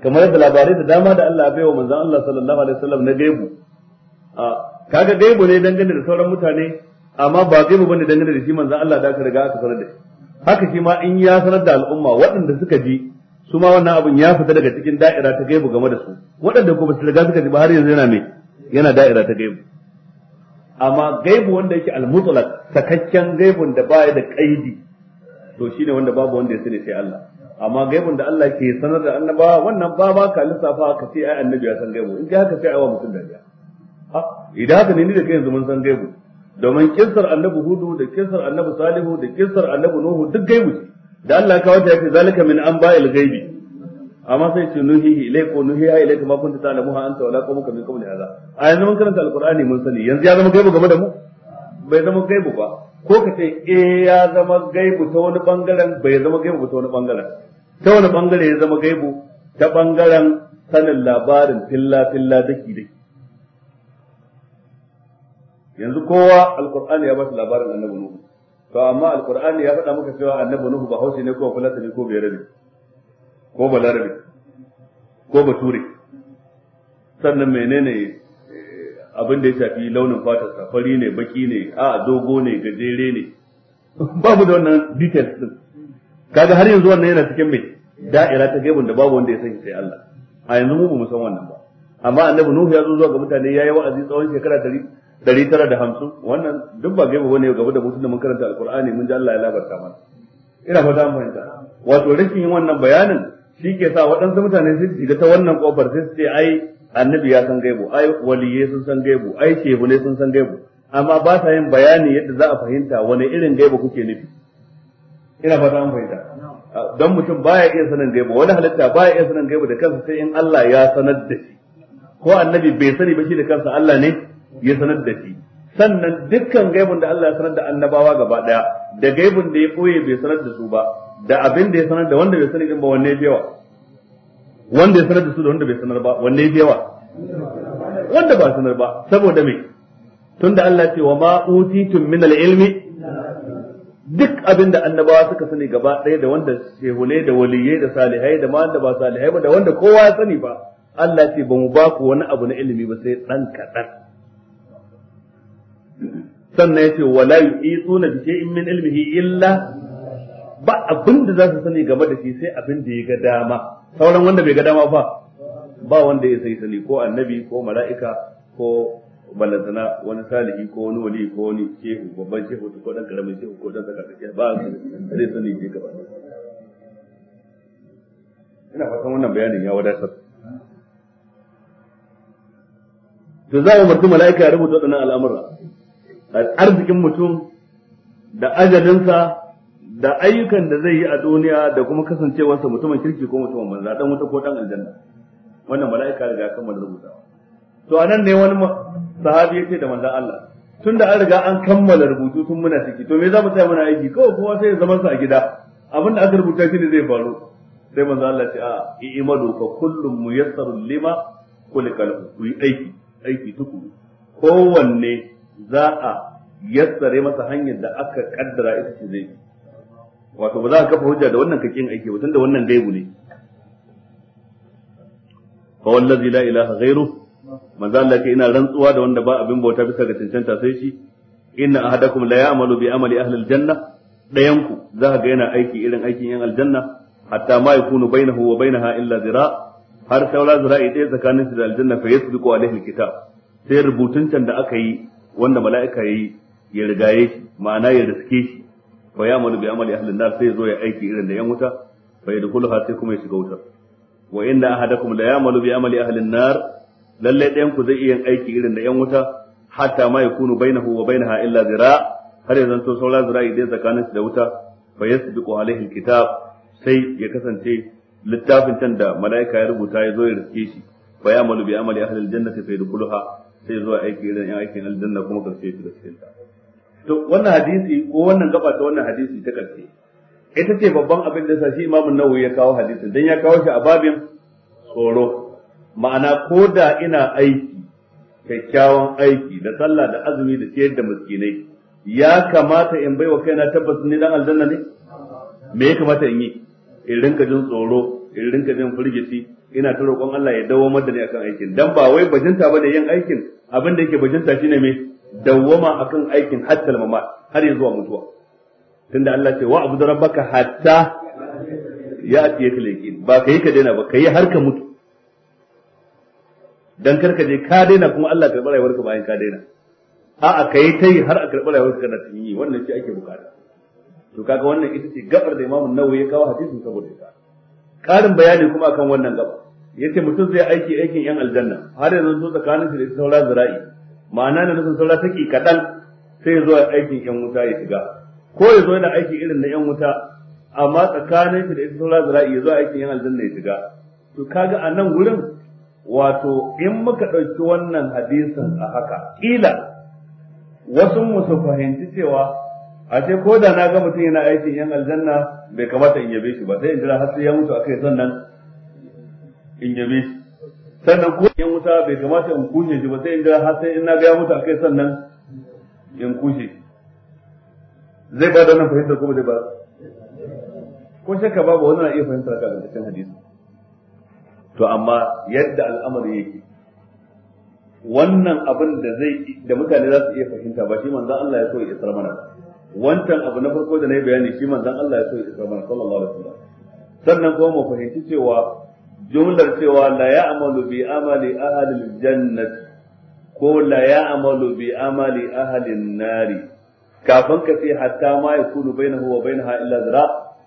A: kamar yadda labarai da dama da Allah ya wa manzon Allah sallallahu alaihi wasallam na gaibu a ah, kaga gaibu ne dangane da sauran mutane amma ba gaibu bane dangane da shi manzon Allah da aka riga aka sanar da shi haka shi ma in ya sanar da al'umma waɗanda suka ji su ma wannan abin ya fita daga cikin da'ira ta gaibu game da su waɗanda ko ba su riga suka ji ba har yanzu yana mai yana da'ira ta gaibu amma gaibu wanda yake al-mutlaq sakakken gaibun da baya da kaidi to shine wanda babu wanda ya sani sai Allah amma gaibun da Allah ke sanar da annabawa wannan ba ba ka lissafa ka ce ai annabi ya san gaibu in kai haka sai ai wa mutum dariya idan haka ne ni da kai yanzu mun san gaibu domin kisar annabi hudu da kisar annabi salihu da kisar annabi nuhu duk gaibu da Allah ka wata yake zalika min an ba'il ghaibi amma sai ce nuhihi ilayka wa nuhiha ilayka ma kunta ta'lamu ha anta wala qawmuka min qabli hadha a yanzu mun karanta alqur'ani mun sani yanzu ya zama gaibu game da mu bai zama gaibu ba ko ka ce eh ya zama gaibu ta wani bangaren bai zama gaibu ta wani bangaren ta wani bangare ya zama gaibu ta bangaren sanin labarin filla filla daki daki yanzu kowa alqur'ani ya bata labarin annabi nuhu to amma alqur'ani ya faɗa maka cewa annabi nuhu ba hausa ne ko fulatani ko bayarabe ko balarabe ko bature sannan menene eh, abin da ya shafi launin sa fari ne baki ne a dogo ne gajere ne ba mu da wannan details din kaga har yanzu wannan yana cikin mai da'ira ta gaibun da babu wanda ya sani sai Allah a yanzu mu ba mu san wannan ba amma annabi nuhu ya zo zuwa ga mutane yayi wa'azi tsawon shekara 100 dari tara da hamsin wannan duk ba gaiba wani gaba da mutum da mun karanta alkur'ani mun ji Allah ya labarta mana ina fata mun fahimta wato rashin yin wannan bayanin shi ke sa waɗansu mutane su shiga ta wannan kofar sai su ce ai annabi ya san gaibu ai waliyyai sun san gaibu ai shehu ne sun san gaibu amma ba sa yin bayani yadda za a fahimta wani irin gaibu kuke nufi ina fata mun fahimta don mutum baya iya sanin gaibu wani halitta baya iya sanin gaibu da kansa sai in Allah ya sanar da shi ko annabi bai sani ba shi da kansa Allah ne ya sanar da shi sannan dukkan gaibun da Allah ya sanar da annabawa gaba daya da gaibun da ya koye bai sanar da su ba da abin da ya sanar da wanda bai sanar da ba wanne yawa wanda ya sanar da su da wanda bai sanar ba wanne yawa wanda ba sanar ba saboda me tunda Allah ce wa ma utitum min al-ilmi duk abin da annabawa suka sani gaba ɗaya da wanda shehule da waliyai da salihai da ma da ba salihai ba da wanda kowa ya sani ba Allah ce ba mu ba ku wani abu na ilimi ba sai dan kaɗan sannan yace wala yu'ituna bi shay'in min ilmihi illa ba abin da za su sani game da shi sai abin da ya ga dama sauran wanda bai ga dama ba ba wanda ya sai sani ko annabi ko mala'ika ko balantana wani salihi ko wani wali ko wani shehu babban shehu ko dan karamin shehu ko dan saka tsakiya ba sai sani ke gaba ina fatan wannan bayanin ya wadatar to za mu mutum mala'ika ya rubuta waɗannan al'amura arzikin mutum da ajalinsa da ayyukan da zai yi a duniya da kuma kasancewarsa mutumin kirki ko mutumin banza dan wuta ko dan aljanna wannan mala'ika riga kammala rubutawa to anan ne wani sahabi yake da manzo Allah tunda an riga an kammala rubutu tun muna ciki to me za mu tsaya muna aiki kawai kuma sai ya sa a gida abin da aka rubuta shi ne zai faru sai manzo Allah ce a i'malu fa kullum muyassarun lima kulika kalbu ku yi aiki aiki tukuru kowanne za a yassare masa hanyar da aka kaddara ita ce zai wato ba za ka kafa hujja da wannan kakin aiki ba tunda wannan gaibu ne fa wallazi la ilaha ghairu manzo Allah ina rantsuwa da wanda ba abin bauta bisa ga cancanta sai shi inna ahadakum la ya'malu bi amali ahli aljanna dayan ku za ka ga yana aiki irin aikin yan aljanna hatta ma yakunu bainahu wa bainaha illa zira har saura zira'i ɗaya tsakanin su da aljanna fa yasbiqu alaihi alkitab sai rubutun can da aka yi wanda mala'ika yayi ya rigaye shi ma'ana ya riske shi fa ya malu bi amali ahlin nar sai zo ya aiki irin da yan wuta fa yadkhuluha sai kuma ya shiga wuta. wa inna ahadakum la ya'malu bi amali ahlin nar lalle ɗayan ku zai iya aiki irin da yan wuta hatta ma yakunu bainahu wa bainaha illa zira har ya zanto saura zira'i dai tsakanin da wuta fa yasbiqu alaihi alkitab sai ya kasance littafin can da mala'ika ya rubuta ya zo ya riske shi fa ya'malu bi amali ahlil jannati fa yadkhuluha sai zuwa aiki irin yan aikin aljanna kuma karshe shi da sai ta to wannan hadisi ko wannan gaba ta wannan hadisi ta karshe ita ce babban abin da sai imam imamu nawawi ya kawo hadisin dan ya kawo shi a babin tsoro ma'ana ko da ina aiki kyakkyawan aiki da sallah da azumi da ciyar da miskinai ya kamata in baiwa kaina tabbas ni dan aljanna ne me ya kamata in yi in rinka jin tsoro in rinka jin firgici ina ta roƙon Allah ya dawo da ni akan aikin dan ba wai bajinta bane yin aikin abin da yake bajinta shine me dawwama akan aikin hatta mamat har ya zuwa mutuwa tunda Allah ce wa abudu rabbaka hatta ya ati yake leki ba kai ka daina ba kai har ka mutu dan kar ka je ka daina kuma Allah karɓi rayuwarka bayan ka daina a'a kai tai har a karɓi rayuwarka kana cikin yi wannan shi ake bukata to kaga wannan ita ce gabar da Imam Nawawi ya kawo hadisin saboda ita ƙarin bayani kuma akan wannan gaba yace mutum zai aiki aikin yan aljanna har yanzu zo tsakanin shi da saura zira'i ma'ana ne nufin saura take kaɗan sai ya zo aikin yan wuta ya shiga ko ya zo yana aiki irin na yan wuta amma tsakanin shi da ita saura zira'i ya zo aikin yan aljanna ya shiga to kaga a nan wurin wato in muka ɗauki wannan hadisin a haka ƙila wasu mu su fahimci cewa a ce ko da na ga mutum yana aikin yan aljanna bai kamata in yabe shi ba sai in jira har sai ya mutu akai sannan in yabe shi sannan ko yan wuta bai kamata in kushe shi ba sai in jira har sai in na ga ya mutu akai sannan in kushe zai ba da nan fahimta ko bai ba ko shakka babu wani na iya fahimtar ka a cikin hadisi to amma yadda al'amari yake wannan abin da zai da mutane za su iya fahimta ba shi manzo Allah ya so ya isar mana ba wancan abu na farko da na yi bayani shi manzan Allah ya so ya isa mana sallallahu alaihi wasallam sannan kuma mu fahimci cewa jumlar cewa la ya'malu bi amali ahli aljannah ko la ya'malu bi amali ahli an-nari kafin ka ce hatta ma yakunu bainahu wa bainaha illa zira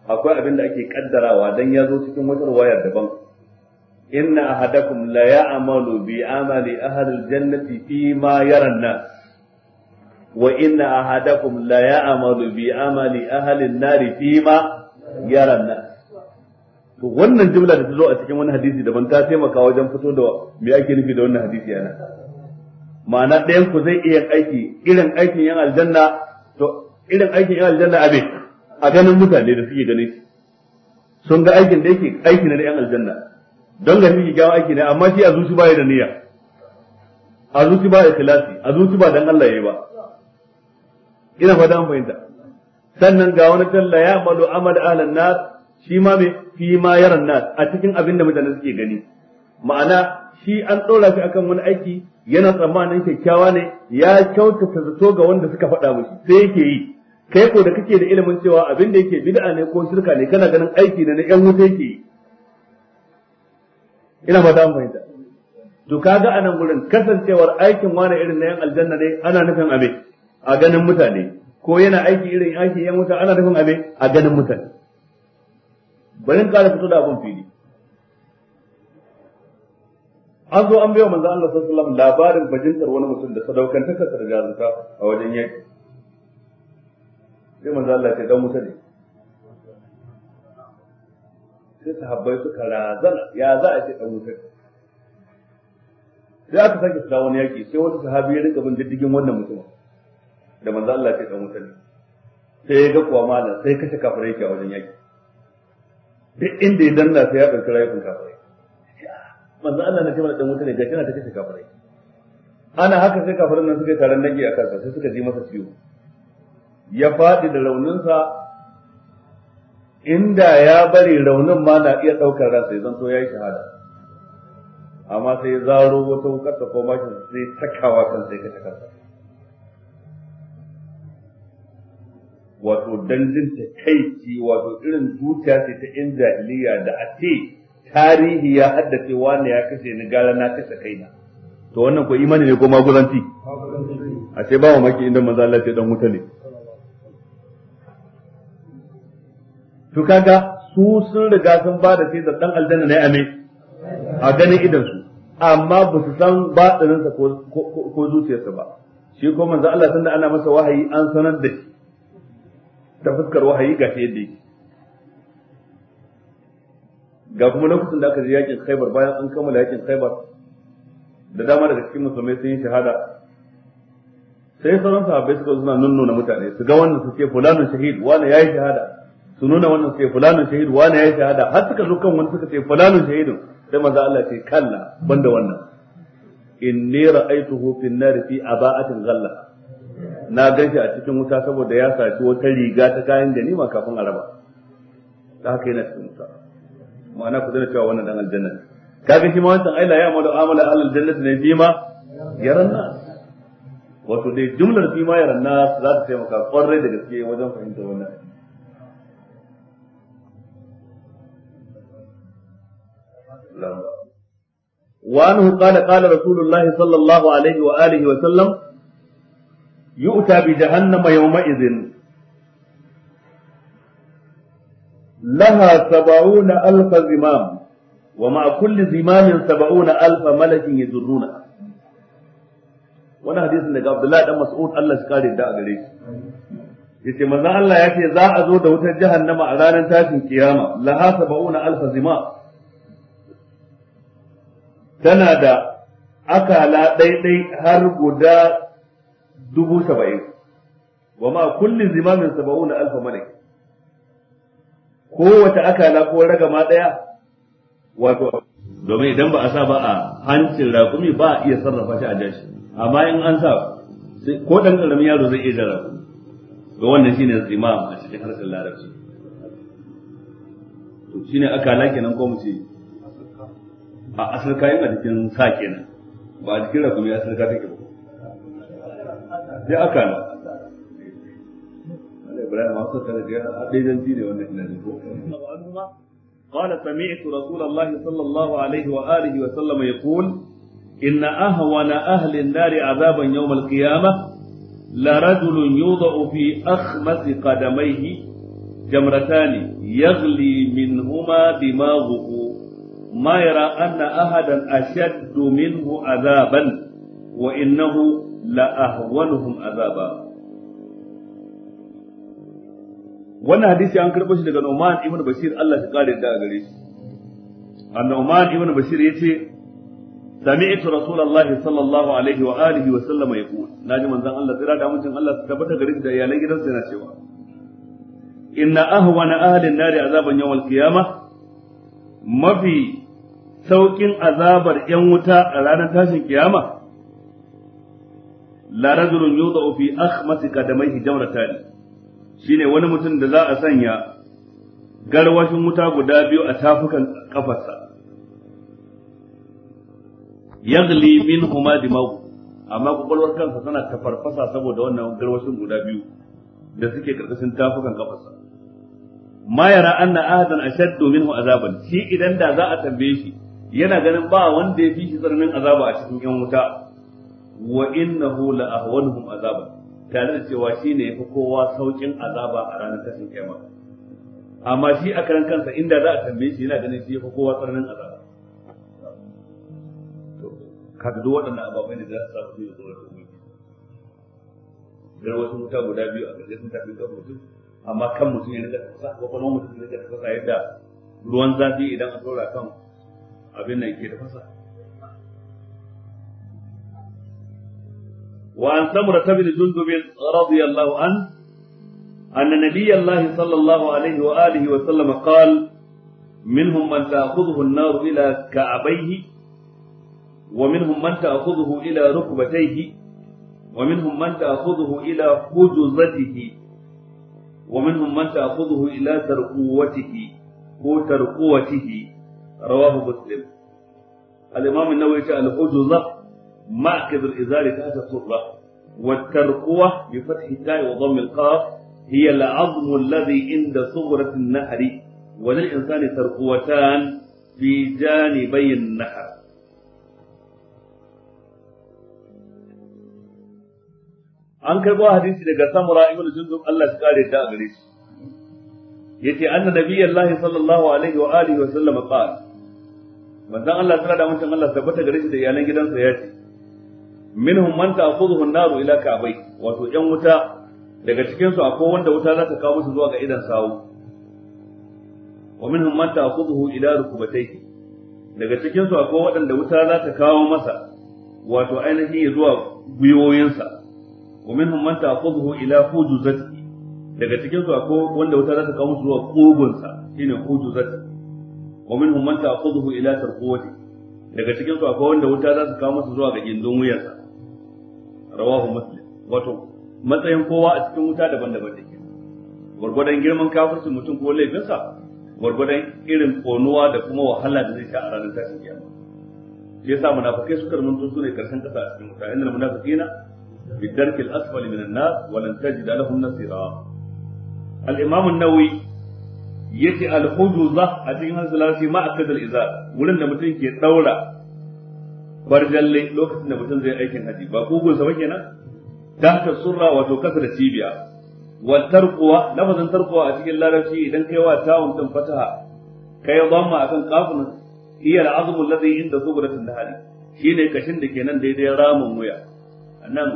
A: akwai abin da ake kaddarawa dan ya zo cikin wata wayar daban inna ahadakum la ya'malu bi amali ahli aljannati fi ma yara wa inna ahadakum la ya'malu bi amali ahli an-nari fima yaranna to wannan jumla da ta zo a cikin wani hadisi daban ta taimaka wajen fito da me ake nufi da wannan hadisi yana. ma'ana ɗayan ku zai iya aiki irin aikin yan aljanna to irin aikin yan aljanna abe a ganin mutane da suke ganin sun ga aikin da yake aiki na yan aljanna don ga shi gawa aiki ne amma shi a zuci baya da niyya a zuci ba ikhlasi a zuci ba dan Allah yayi ba ina fata an fahimta sannan ga wani talla ya malu amal ahlan nas shi ma me fi ma yaran nas a cikin abin da mutane suke gani ma'ana shi an ɗora shi akan wani aiki yana tsammanin kyakkyawa ne ya kyautata zato ga wanda suka faɗa mishi sai yake yi kai ko da kake da ilimin cewa abin da yake bid'a ne ko shirka ne kana ganin aiki ne na yan wuta yake yi ina fata an fahimta to kaga anan gurin kasancewar aikin wani irin na yan aljanna ne ana nufin abin a ganin mutane ko yana aiki irin aiki yan wuta ana nufin abe a ganin mutane bari ƙara fito da abin fili an zo an bai wa manzo Allah sallallahu alaihi wasallam labarin bajintar wani mutum da sadaukantaka ta jarunta a wajen yaki sai manzo Allah ya dan wuta ne sai sahabbai suka razana ya za a ce dan wuta sai aka sake fita wani yaki sai wani sahabi ya rika bin diddigin wannan mutumin da manzo Allah ce dan mutane sai ya ga kuwa malam sai kace kafirai yake a wajen yaki duk inda ya danna sai ya dauki rayukan kafirai manzo Allah na ce mana dan mutane ga kana ta kace kafirai ana haka sai kafirin nan suka yi taron dangi a kansa sai suka ji masa ciwo ya faɗi da rauninsa inda ya bari raunin ma na iya ɗaukar ransa ya zanto ya yi shahada amma sai zaro wata wukar ta koma shi sai takawa kan sai ka ta kansa wato dangin ta kai wato irin zuciya ce ta in jahiliya da a ce tarihi ya haddace wani ya kashe ni gara na kashe kaina to wannan ko imani ne ko maguranti a ce ba maki inda manzo Allah ya dan wuta ne to kaga su sun riga sun ba da sai dan aljanna ne a me a ganin idan su amma ba su san batsarinsa ko zuciyarsa ba shi ko manzo Allah sanda ana masa wahayi an sanar da shi ta fuskar wahayi ga yadda yake ga kuma lokacin da aka je yakin Khaibar bayan an kammala yakin Khaibar da dama daga cikin musulmai sun yi shahada sai sauran sahabbai suka suna nunnuna mutane su ga wannan su ce fulanun shahid wani yayi shahada su nuna wannan su ce fulanun shahid wani yayi shahada har suka zo kan wani suka ce fulanun shahidun sai manzo Allah ce kalla banda wannan inni ra'aytuhu fin nari fi aba'atin ghalla na ganshi a cikin wuta saboda ya saci wata riga ta kayan ganima kafin a raba da haka yana cikin wuta ma'ana ku zana cewa wannan dan aljanna kaga shi ma wancan aila ya amalu amala alal jannati ne bi ma yaranna wato dai jumlar bi ma yaran za ta taimaka kwarai da gaske wajen fahimtar wannan وعنه قال قال رسول الله صلى الله عليه وآله وسلم yu'ta bi jahannama yawma idhin laha sab'una alf zimam wa ma kulli zimamin sab'una alf malakin yadurruna wani hadisin daga Abdullahi dan Mas'ud Allah shi kare da gare shi yace manzo Allah ya ce za a zo da wutar jahannama a ranar tashin kiyama laha sab'una alf zimam tana da akala ɗaiɗai har guda dubu saba'in wa ma kullin zimamin saba'un alfa malik kowace akala ko ma daya wato domin idan ba a sa ba a hancin rakumi ba a iya sarrafa shi a jashi amma in an sa ko ɗan ƙaramin yaro zai iya jara ga wannan shine imam a cikin harshen larabci to shine akala kenan ko mu ce a asirka yin a jikin sa kenan ba a jikin rakumi asirka take ba sai aka na Ibrahim Hausa ta rage a ɗaiɗan ne wannan ina ne ko. قال سمعت رسول الله صلى الله عليه وآله وسلم يقول إن أهون أهل النار عذابا يوم القيامة لرجل يوضع في أخمس قدميه جمرتان يغلي منهما دماغه ما يرى أن أحدا أشد منه عذابا وإنه la ahwanuhum azaba wannan hadisi an karɓo shi daga Nu'man ibn Bashir Allah ya kare da gare shi an Nu'man ibn Bashir yace sami'tu Rasulullah sallallahu alaihi wa alihi wa sallam yaqul naji manzon Allah tsira da mutun Allah ta tabbata gare shi da iyalan gidansa yana cewa inna ahwana ahli an-nari azaban yawmal qiyamah mafi saukin azabar yan wuta a ranar tashin kiyama la rajulun yudau fi akhmasi qadamaihi jamratan shine wani mutum da za a sanya garwashin wuta guda biyu a tafukan kafarsa yagli min huma dimau amma kwakwalwar kansa tana tafarfasa saboda wannan garwashin guda biyu da suke karkashin tafukan kafarsa ma yara anna ahadan ashaddu minhu azaban shi idan da za a tambaye shi yana ganin ba wanda ya fi shi tsananin azaba a cikin yan wuta wa innahu la ahwanuhum azaba, tare da cewa shi ne yafi kowa saukin azaba a ranar tashin kiyama amma shi a karan kansa inda za a tambaye shi yana ganin shi yafi kowa tsananin azaba to ga duk waɗannan ababai ne za su samu su zo da ubangiji dan wasu wuta guda biyu a gaje sun tafi kan mutum amma kan mutum ya rika tafasa kuma mutum ya rika tafasa yadda ruwan zafi idan an tsora kan abin nan ke tafasa وعن ثمرة بن جندب رضي الله عنه أن نبي الله صلى الله عليه وآله وسلم قال منهم من تأخذه النار إلى كعبيه ومنهم من تأخذه إلى ركبتيه ومنهم من تأخذه إلى حجزته ومنهم من تأخذه إلى ترقوته هو ترقوته رواه مسلم الإمام النووي قال الخجزة معكب الإزار تحت السرة والترقوة بفتح التاء وضم القاف هي العظم الذي عند صغرة النهر وللإنسان ترقوتان في جانبي النهر an karbo hadisi daga samura ibn jundub Allah ya kare ta gare shi yace anna nabiyallahi sallallahu alaihi wa alihi wa sallam qala manzon Allah sallallahu alaihi wa sallam Allah tabbata gare shi da iyalan gidansa yace minhum man ta'khudhuhu an-naru ila ka'bai wato yan wuta daga cikin su akwai wanda wuta za ta kawo musu zuwa ga idan sawu wa minhum man ta'khudhuhu ila rukbatayhi daga cikin su akwai waɗanda wuta za ta kawo masa wato ainihin zuwa gwiwoyinsa wa minhum man ta'khudhuhu ila hujuzatihi daga cikin su akwai wanda wuta za ta kawo musu zuwa kogunsa shine hujuzati wa minhum man ta'khudhuhu ila tarquwati daga cikin su akwai wanda wuta za ta kawo masa zuwa ga gindin wuyarsa rawahu muslim wato matsayin kowa a cikin wuta daban-daban da ke gwargwadon girman kafircin mutum ko laifinsa gwargwadon irin konuwa da kuma wahala da zai sha a ranar tashin kiyama shi yasa munafikai suka rumunto su ne karshen kasa a cikin wuta innal munafiqina fi darkil asfali minan nar wa lan tajid lahum nasira al imam an-nawawi yace al hujuza a cikin hasalasi ma akadal izar wurin da mutum ke daura Bar Jalle lokacin da mutum zai aikin haji ba gunsa sa kenan ta haka surra wato kasa da cibiya wal tarquwa lafazin tarquwa a cikin larabci idan kai wa tawun din fataha kai dhamma akan qafun iya al-azm alladhi inda zubratin dahali shine kashin da kenan daidai ramun wuya nan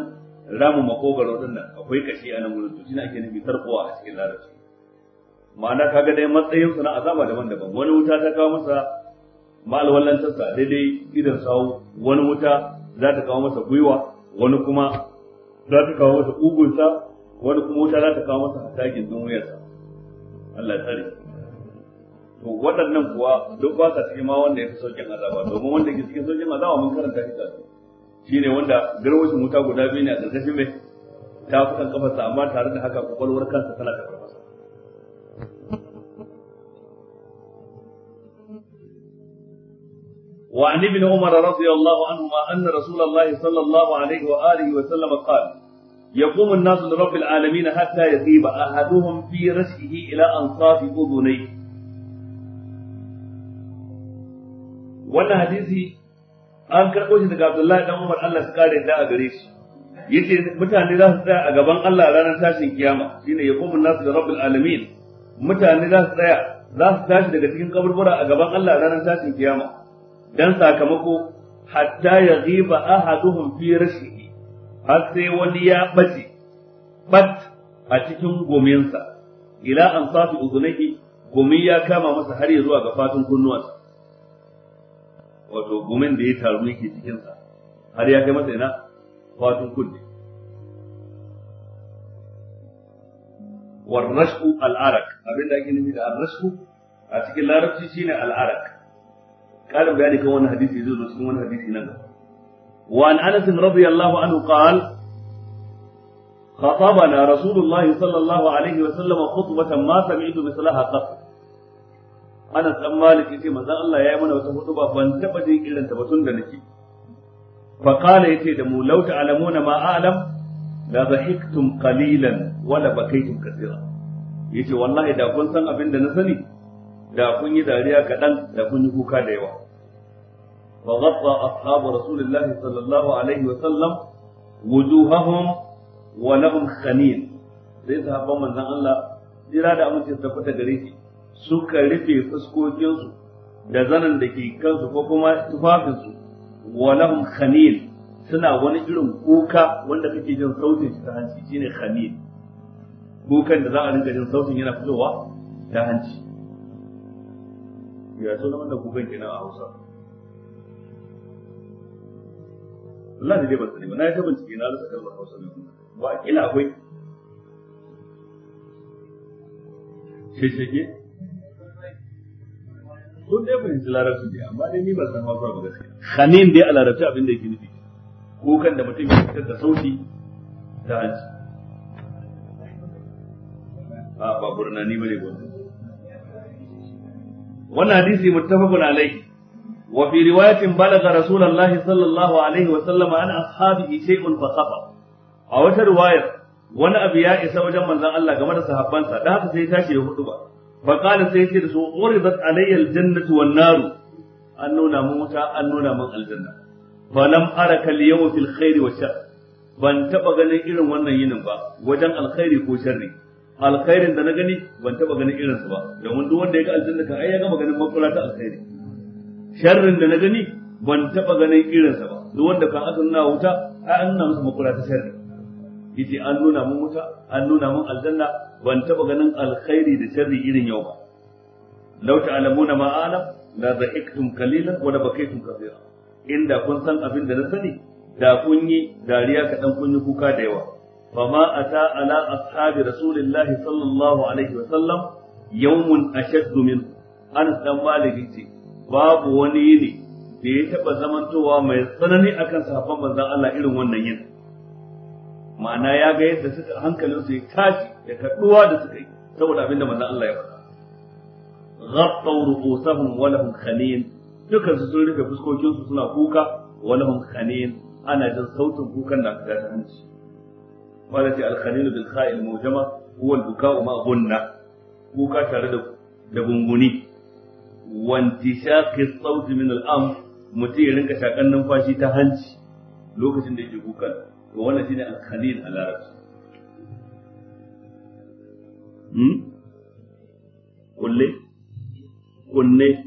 A: ramin makogaro din nan akwai kashi a nan gurin to shine ake nufi tarquwa a cikin larabci ma'ana kaga dai matsayin sa na azaba daban-daban wani wuta ta kawo masa tsatsa daidai idan sawu wani wuta za ta kawo masa gwiwa wani kuma za ta kawo masa ugunsa wani kuma wuta za ta kawo masa hatakin don wuyarsa Allah tsari to waɗannan kuwa duk ba sa cikin ma wanda ya fi saukin azaba domin wanda ke cikin saukin azaba mun karanta shi kafin shine wanda garwashin wuta guda biyu ne a ƙarƙashin mai kan kafarsa amma tare da haka kwakwalwar kansa tana ta farfasa وعن ابن عمر رضي الله عنهما أن رسول الله صلى الله عليه وآله وسلم قال يقوم الناس لرب العالمين حتى يغيب أحدهم في رشه إلى أنصاف أذنيه wannan hadisi an karɓo shi daga Abdullahi dan Umar Allah su kare da a gare shi yace mutane za su tsaya a gaban Allah ranar tashin kiyama shine yaqumun nasu da rabbil alamin mutane za su tsaya za su tashi daga cikin kaburbura a gaban Allah ranar tashin kiyama dan sakamako hatta ya ghiba ahaduhum fi rashihi har sai wani ya bace bat a cikin gominsa ila an safi uzunaki gumi ya kama masa har ya zuwa ga fatun kunnuwansa wato gumin da ya taru yake cikinsa har ya kai masa ina fatun kunne warrashu al'arak abinda ake nufi da arrashu a cikin larabci shine al'arak karin bayani kan wannan hadisi zai zo cikin wannan hadisi nan wa an anas radiyallahu anhu qala خطبنا رسول الله صلى الله عليه وسلم خطبة ما سمعت مثلها قط أنا سأم مالك يتي مزا الله يا من وتخطبة فانتبتي إلا تبتن دنكي فقال يتي دمو لو تعلمون ما أعلم لضحكتم قليلا ولا بكيتم كثيرا yace wallahi da kun san abin da na sani da kun yi dariya kaɗan da kun yi kuka da yawa wa ghadda ashabu rasulillahi sallallahu alaihi wa sallam wujuhahum wa lahum khanin sai sahabban manzon Allah jira da amince su tabbata gare shi suka rufe fuskokinsu da zanen da ke kansu ko kuma tufafinsu wa lahum khanin suna wani irin kuka wanda kake jin sautin ta hanci shine khanin kukan da za a rinka jin sautin yana fitowa ta hanci ya na wannan kuka kenan a Hausa Allah ne dai ban sani ba na yi ta bincike na rasa kalmar Hausa ne ba kila akwai sheshege kun dai fahimci larabci ne amma dai ni ba san Hausa ba gaskiya khanin dai a larabci abin da yake nufi kukan da mutum ya fitar da sauti da hanci Ba, ba gurnani bane gwamnati wannan hadisi muttafaqun alayhi wa fi riwayatin balagha rasulullahi sallallahu alaihi wa sallama an ashabihi shay'un fa khafa a wata riwayar wani abu ya isa wajen manzon Allah game da sahabbansa da haka sai tashi ya hudu ba fa qala sai ce da su uridat alayya aljannatu wan naru an nuna mun wuta an nuna mun aljanna fa lam araka al fil khairi wa shar ban taba ganin irin wannan yinin ba wajen alkhairi ko sharri alkhairin da na gani ban taba ganin irin su ba domin duk wanda ya ga aljanna kan ai ya gama ganin makula ta alkhairi sharrin da na gani ban taba ganin irin sa ba duk wanda kan aka nuna wuta ai an nuna masa makula ta sharri yace an nuna mun wuta an nuna mun aljanna ban taba ganin alkhairi da sharri irin yau ba law ta'lamuna ma alam la za'iktum qalilan wa la bakaytum kathira inda kun san abin da na sani da kun yi dariya kaɗan kun yi kuka da yawa فما أتى على أصحاب رسول الله صلى الله عليه وسلم يوم أشد منه أنا سمالك باب ونيني da ya taɓa zamantowa mai tsanani akan sahabban manzon Allah irin wannan yin ma'ana ya ga yadda suka hankalin su ya tashi da kaduwa da suka yi saboda abinda manzon Allah ya faɗa ghattaw ru'usahum wa lahum khanin dukan sun rufe fuskokinsu suna kuka wa lahum ana jin sautin kukan da aka ta hanci ولتي الخليل بالخاء الموجمة هو البكاء ما غنى بكاء تارد دبنغني وانتشاق الصوت من الأم متي رنك شاكن نفاشي تهنش لوك سند جبوكا وانتي الخليل على رأس قل لي قل لي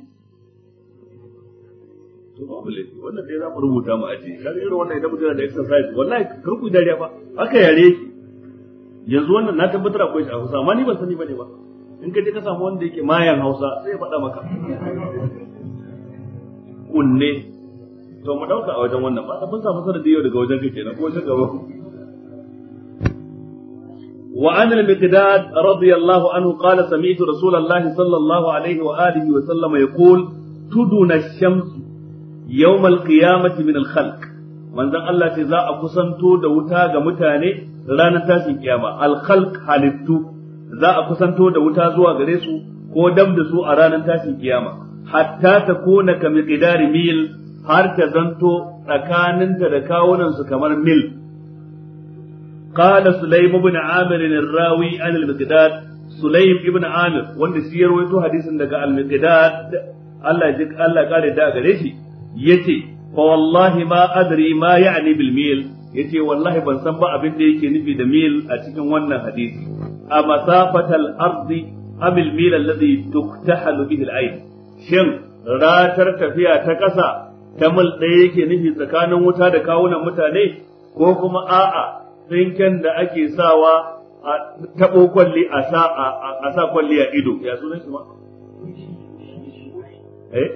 A: to ba wannan dai za mu rubuta mu aje wannan da exercise kar ku dariya ba aka yare shi yanzu wannan na tabbatar akwai shi a Hausa amma ni ban sani bane ba in ka je ka samu wanda yake mayan Hausa sai ya maka kunne to mu dauka a wajen wannan ba samu yau daga wajen ka kenan ko shi gaba وعن المقداد رضي الله عنه قال سمعت رسول الله صلى الله عليه وآله وسلم يقول تدون الشمس yawmal qiyamati min al-khalq manzon Allah ce za a kusanto da wuta ga mutane ranar tashin kiyama al halittu za a kusanto da wuta zuwa gare su ko dam da su a ranar tashin kiyama hatta ta kona ka miqdari mil har ta zanto tsakaninta da kawunan su kamar mil Kala سليم بن عامر الراوي عن المقداد سليم ابن عامر wanda shi ya rawaito hadisin daga al-miqdad Allah ya Allah ya kare gare shi yace fa wallahi ma adri ma ya'ni bil mil yace wallahi ban san ba abin da yake nufi da mil a cikin wannan hadisi a masafatal ardi abil mil alladhi tuktahalu bihi al ayn shin ratar tafiya ta ƙasa ta mil ɗaya yake nufi tsakanin wuta da kawunan mutane ko kuma a'a tsinken da ake sawa a taɓo kwalli a sa a sa kwalli a ido ya sunan shi ma eh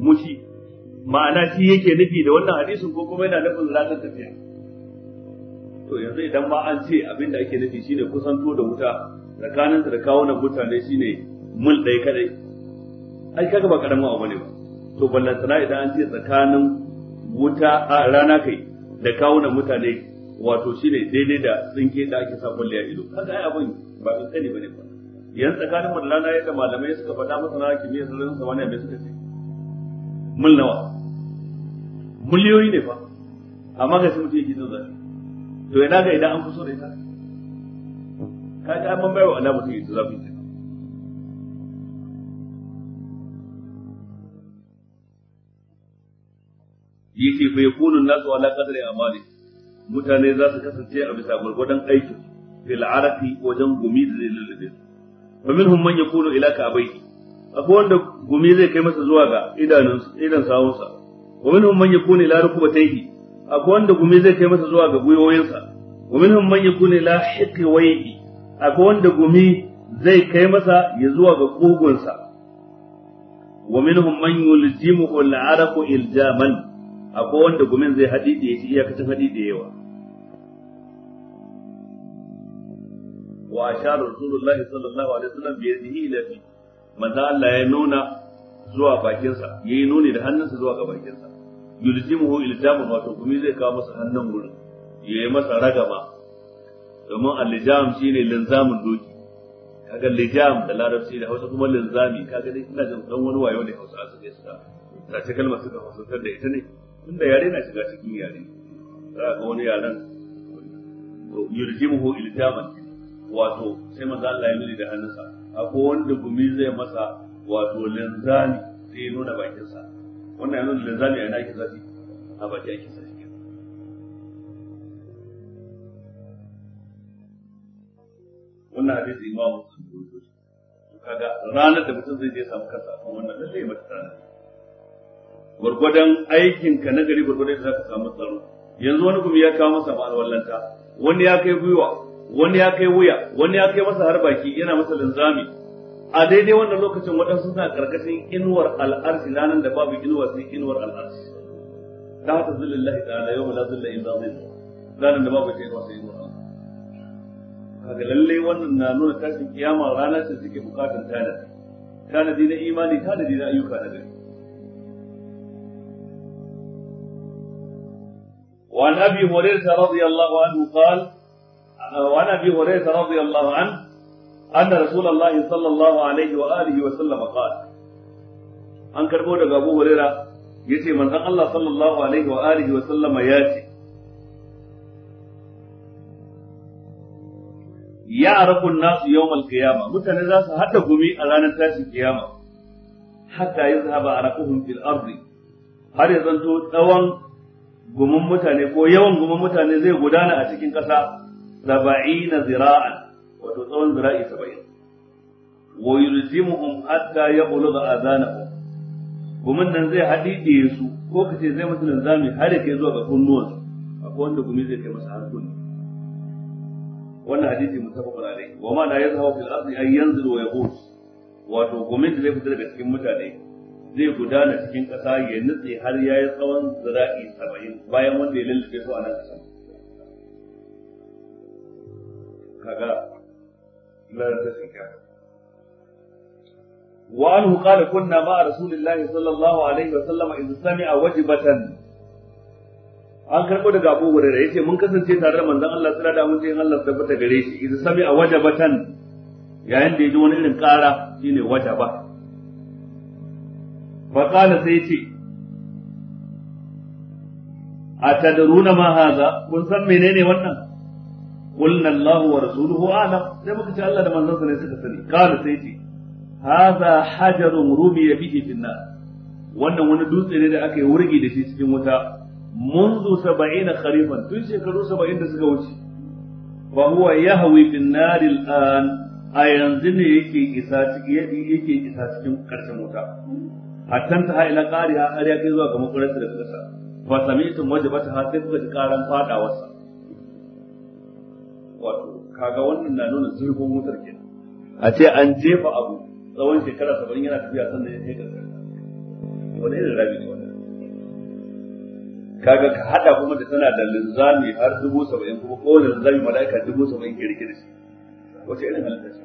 A: mushi ma'ana shi yake nufi da wannan hadisin ko kuma yana nufin ranar tafiya to yanzu idan ma an ce abin da ake nufi shine kusanto da wuta tsakanin da kawunan mutane shine mul ɗaya kadai ai kaga ba karamin abu ne ba to ballantana idan an ce tsakanin wuta a rana kai da kawunan mutane wato shine daidai da tsinke da ake sa kulliya ido kaga ai abin ba kankani bane ba yan tsakanin wannan rana yadda malamai suka faɗa masana kimiyya sararin samaniya mai suka ce mul nawa miliyoyi ne fa amma kai sai mutum yake jin zafi to ina ga idan an so da ita ka kaji an man baiwa Allah mutum yake zafi kenan yake fa yakunu nasu ala qadri amali mutane za su kasance a bisa gwargwadon aikin fil arafi wajen gumi da zai lullube fa minhum man yakunu ila ka abai akwai wanda gumi zai kai masa zuwa ga idanun idan sawunsa wa minhum man yakunu ila rukbatayhi akwai wanda gumi zai kai masa zuwa ga gwiwoyinsa wa minhum man yakunu ila hiqwayhi akwai wanda gumi zai kai masa ya zuwa ga kugunsa wa minhum man yuljimuhu al'araqu iljaman akwai wanda gumin zai haɗi da yashi iyakacin haɗi da yawa wa ashara rasulullahi sallallahu alaihi wasallam bi yadihi ila fi manzo Allah ya nuna zuwa bakinsa yayi nuni da hannunsa zuwa ga bakinsa yulzimuhu ilzaman wato kuma zai kawo masa hannun gurin yayi masa ragama domin al shi shine linzamin doki kaga lijam da larabci da Hausa kuma linzami kaga dai ina jin dan wani wayo ne Hausa suke suka ta ce kalmar suka fasantar da ita ne tunda yare na shiga cikin yare za ga wani yaren yurjimuhu ilzaman wato sai manzo Allah ya nuni da hannunsa akwai wanda gumi zai masa wato linzami sai ya nuna bakinsa wannan ya nuna linzami a yana ake zafi a baki ake sa shi wannan hadisi ma wasu ya rubuto shi kaga ranar da mutum zai je samu kansa a wannan zai mata ranar gwargwadon aikin ka na gari gwargwadon da za ka samu tsaro yanzu wani gumi ya kawo masa ma'alwallanta wani ya kai gwiwa wani ya kai wuya wani ya kai masa harbaki yana masa linzami a daidai wannan lokacin waɗansu suna karkashin inuwar al'arshi ranar da babu inuwa sai inuwar al'arshi da haka zullillahi ta'ala yau la zulla in zin ranar da babu inuwa sai inuwar kaga lalle wannan na nuna tashin kiyama ranar ce suke bukatar tada tanadi na imani tanadi na ayyuka na gari وعن ابي هريره رضي الله عنه قال وعن ابي هريره رضي الله عنه anna rasulullahi sallallahu alaihi wa alihi wa sallam qala an karbo daga Abu Huraira yace manzon Allah sallallahu alaihi wa alihi wa sallama yace يعرف الناس يوم القيامة متى حتى قمي على نتاس القيامة حتى يذهب عرقهم في الأرض har ya zanto tsawon gumin mutane ko yawan gumin mutane zai gudana a cikin ƙasa saba'ina zira'an wato tsawon zira'i saba'in wa yulzimuhum hatta yaqulu azanahum gumin nan zai haɗiɗiye su ko kace ce zai musu linzami har ya kai zuwa ga kunnuwansu akwai wanda gumi zai kai masa har kunni wannan hadisi mutafaqun alayhi wa ma la yazhabu fil ardi ay yanzilu wa yaqul wato gumin zai fita daga cikin mutane zai gudana cikin ƙasa ya nutse har ya yi tsawon zira'i saba'in bayan wanda ya lallace su a nan ƙasa kaga وعنه قال كنا مع رسول الله صلى الله عليه وسلم إذ سمع وجبة an karɓo daga abu hurairar yace mun kasance tare da manzon Allah tsira da mun yin Allah tabbata gare shi idza sami a wajabatan yayin da yaji wani irin ƙara shine wajaba fa qala sai yace atadruna ma hadha kun san menene wannan قلنا الله ورسوله rasuluhu a'lam sai muka الله Allah da manzon sa ne suka sani kana sai ce hadha hajarun rumiya fi wannan wani dutse ne da aka yi wurgi da shi cikin wuta منذ سبعين خريفا tun shekaru saba'in da suka wuce fa huwa yahwi fi nar a yanzu ne yake isa ciki yake isa cikin karshen wuta hatta ta ila qariha kai zuwa ga makurarsa da kasa fa sami'tum wajibata ha sai kuka ji karan kaga wannan na nuna zurfin motar ke
B: a ce an jefa
A: abu tsawon shekara saba'in yana tafiya sannan ya kai ƙarshen wani irin rabi ne wannan kaga ka hada kuma da tana da linzami har dubu saba'in kuma da linzami mala'ika dubu saba'in ke rike da shi wace irin halitta ce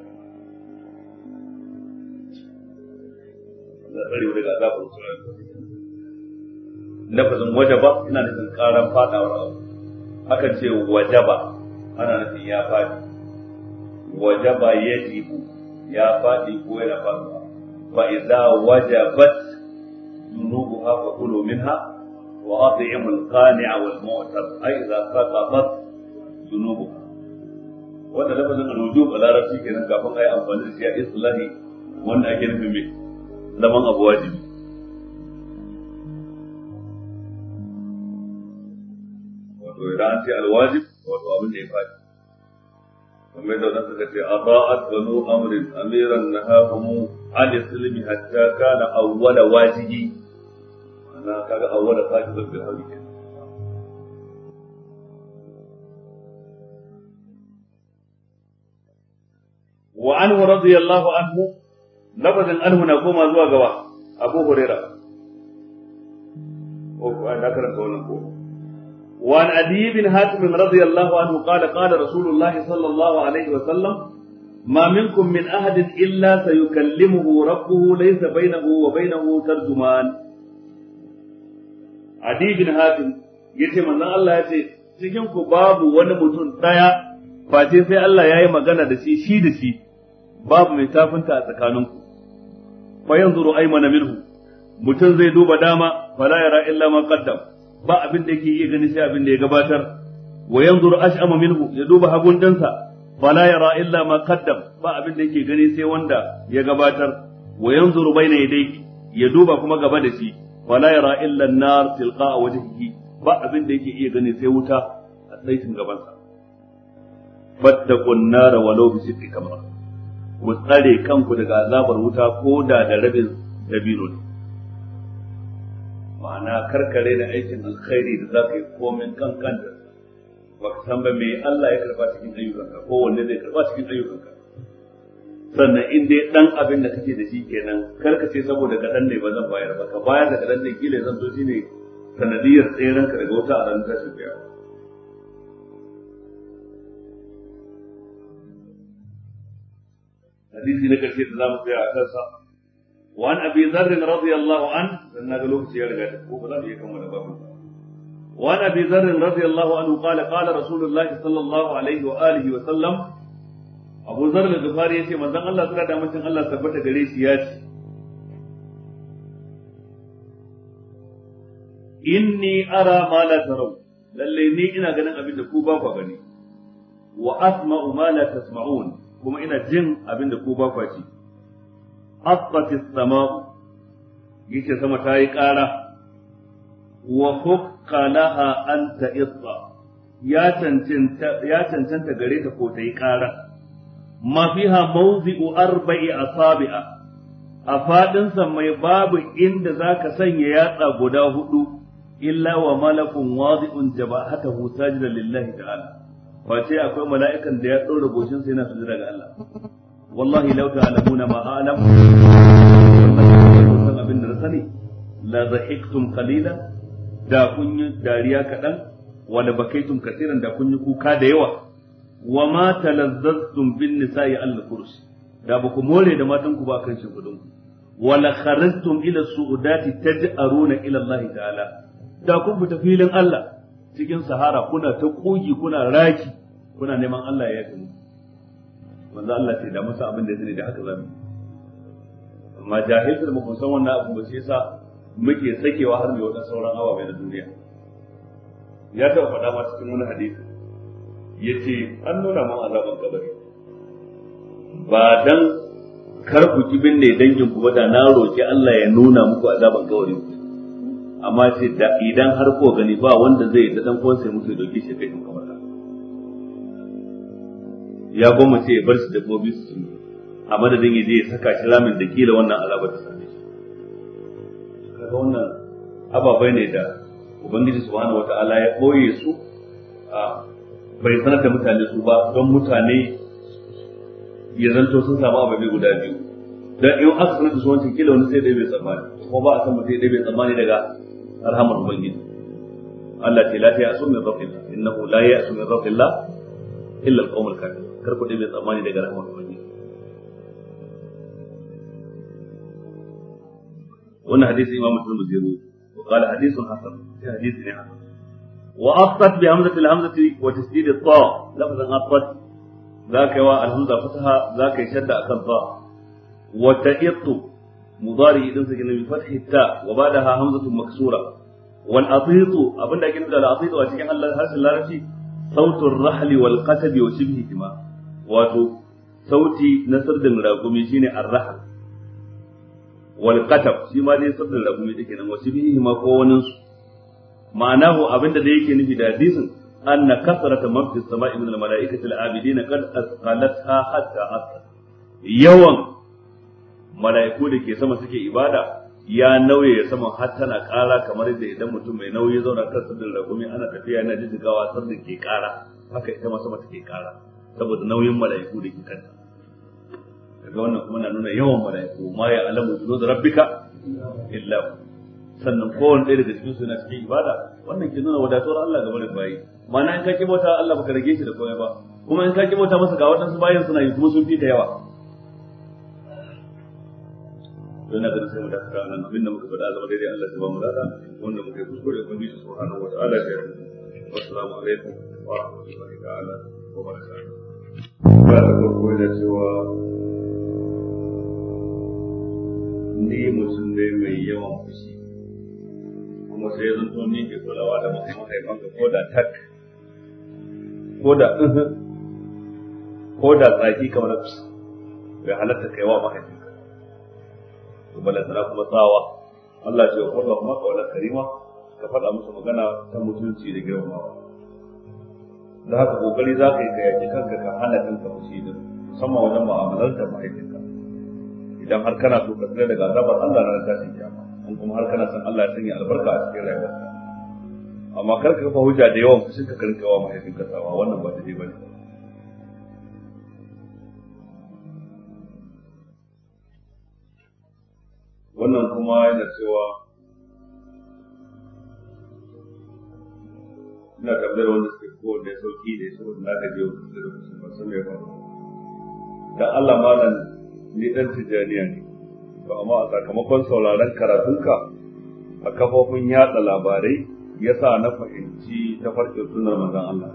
A: tsare daga azabar tsoron lafazin wajaba yana nufin karan fadawar abu akan ce wajaba ana nufin ya faɗi wajaba yajibu ya faɗi ko yana faɗuwa fa idza wajabat dunubuha fa kulu minha wa at'imu al-qani'a wal mu'tar ay idza qatabat dunubuha wanda lafazin rujub a larabci kenan kafin ayi amfani da shi a islahi wanda ake nufin me zaman abu wajibi idan an ce alwajib wato abin da ya faɗi kamar da wannan suka ce ata'at banu amrin amiran nahahumu an yaslimi hatta kana awwala wajibi ana kaga awwala bil رضي الله عنه لفظ عنه نقوم زوا ابو هريره او انا كرنت wannan ko وعن عدي بن حاتم رضي الله عنه قال قال رسول الله صلى الله عليه وسلم ما منكم من أحد إلا سيكلمه ربه ليس بينه وبينه ترجمان عدي بن حاتم yace manzon Allah yace cikin ku babu wani mutum daya face sai Allah yi magana da shi shi da shi babu mai tafinta a tsakaninku fa mana aymana minhu mutum zai duba dama fala yara illa ba abin da yake iya gani sai abin da ya gabatar wa yanzuru ash'ama minhu ya duba hagun dansa fala yara illa ma qaddam ba abin da yake gani sai wanda ya gabatar wa yanzuru baina yadayhi ya duba kuma gaba da shi fala yara illa an-nar tilqa wajhihi ba abin da yake iya gani sai wuta a tsaitin gabansa fattaqun nar walau bi sitti kamar ku tsare kanku daga azabar wuta ko da da rabin dabino ne ma'ana karkare da aikin alkhairi da zaka yi komin kankan da ka san ba me Allah ya karba cikin ayyukanka ko wanne zai karba cikin ayyukanka sannan in dai dan abin da kake da shi kenan karka ce saboda kadan ne ba zan bayar ba ka bayar da kadan ne kila zan so shine sanadiyar tseren ka daga wata a ranar tashin hadisi na karshe da zamu tsaya a kansa وعن أبي ذر رضي الله عنه لأن قلوب سيارة وبلام يكمل بابه وعن أبي ذر رضي الله عنه قال قال رسول الله صلى الله عليه وآله وسلم أبو ذر الغفاري يشي من ذن الله سرادة من الله ثبت قريش ياشي inni ara ma la tarau lalle ni ina ganin abin da ku ba ku gani wa asma'u ma la tasma'un kuma ina jin abin da ku ba ku ji asfatis sama'u yace sama ta yi ƙara wa an ta'issa ya cancanta gare ta ko ta yi ƙara ma fiha mawzi'u arba'i asabi'a a faɗinsa mai babu inda zaka sanya yatsa guda hudu illa wa malakun wadi'un jabahatahu sajidan lillahi ta'ala face akwai mala'ikan da ya ɗora goshin sa yana sujada ga Allah wallahi law ta'lamuna ma a'lam abin da na sani la dhahiktum qalila da kun yi dariya kaɗan wala bakaitum kasiran da kun yi kuka da yawa wa ma talazzaztum bin nisa'i al kursi da ba ku more da matan ku ba kan shi gudun wala kharajtum ila su'udati taj'aruna ila Allah ta'ala da kun fita filin Allah cikin sahara kuna ta kogi kuna raki kuna neman Allah ya yafe manzo Allah ce da masa abin da ya sani da haka zamu amma jahiltar mu kun san wannan abu ba sai sa muke sakewa har mai wadan sauran ababe bai na duniya ya taɓa faɗa ma cikin wani hadisi yace an nuna mun azaban kabari ba dan kar ku ki binne dangin ku da na roki Allah ya nuna muku azaban kabari amma sai da idan har ko gani ba wanda zai da dan sai mutu doki shi kai kamar ya gwamnati ya bar su dabbobi su cinye a madadin ya je ya saka shi ramin da kila wannan azabar ta same shi kaga wannan ababai ne da ubangiji subhanahu wataala ya boye su a bai sanar da mutane su ba don mutane ya zanto sun samu ababai guda biyu dan in aka sanar da su wancan kila wani sai dai bai tsammani kuma ba a san mutum dai bai tsammani daga arhamar ubangiji Allah ce la ta yasu min rabbina innahu la yasu min rabbillah illa al-qawmul kar ku dabe tsammani daga rahmar ubangiji wannan hadisi imamu muslim bai rubuta wa qala hadithun hasan hadisi ne hasan wa afsat bi hamzati al hamzati wa tasdid al ta lafazan afsat zaka yi wa al hamza fataha zaka yi shadda akan ta wa ta'ittu mudari idan sai bi fathi ta wa ba'daha hamzatun maksura wal abinda ake nufi da al atitu a cikin Allah harshen larabci rahli wal wato sauti na sardin ragumi shine arraha wal qatab shi ma dai sardin ragumi take nan wasu bihi ma ko wani su ma'anahu abinda da yake nufi da hadisin anna kasrata man fi sama'i min al mala'ikati al abidina qad asqalatha hatta asqal yawan mala'iku da ke sama suke ibada ya nauye sama har tana kara kamar da idan mutum mai nauyi zauna kan sardin ragumi ana tafiya yana jijjigawa sardin ke kara haka ita ma sama take kara saboda nauyin mala'iku da kika kanta daga wannan kuma na nuna yawan mala'iku ma ya alamu zuwa da rabbika illa sannan kowane ɗaya daga cikin suna cikin ibada wannan ke nuna wadatuwar Allah ga barin bayi ma'ana in ka ki bauta Allah baka rage shi da komai ba kuma in ka ki bauta masa ga waɗansu bayan suna yi kuma sun fi ka yawa yana ganin sai mu da fara nan abinda muka faɗa zama daidai Allah ya ba mu lada wanda muka yi kuskure kun bi subhanahu wa ta'ala ya yi assalamu alaikum wa rahmatullahi wa barakatuh ba cewa ne mai yawan kuma ko ko da tsaki kamar bai halatta kai wa mahaifinka balantana kuma tsawa Allah ce wa maka karima ka faɗa musu magana ta mutunci da girmamawa da haka kokari za ka yi ka yaki kanka ka hana kanka fushi din musamman wajen da mahaifinka idan har kana so ka tsira daga azabar Allah na shi kyama in kuma har kana son Allah ya sanya albarka a cikin rayuwarka amma kar ka kafa hujja da yawan fushin ka karinka wa mahaifinka tsawa wannan ba ta je ba ne. wannan kuma yana cewa ina tambayar wanda suke ko da sauki da su na ka je da su masu mai ba dan Allah malam ni dan tijaniya ne to amma a sakamakon sauraron karatunka a kafofin yada labarai ya sa na fahimci ta farkin sunar manzon Allah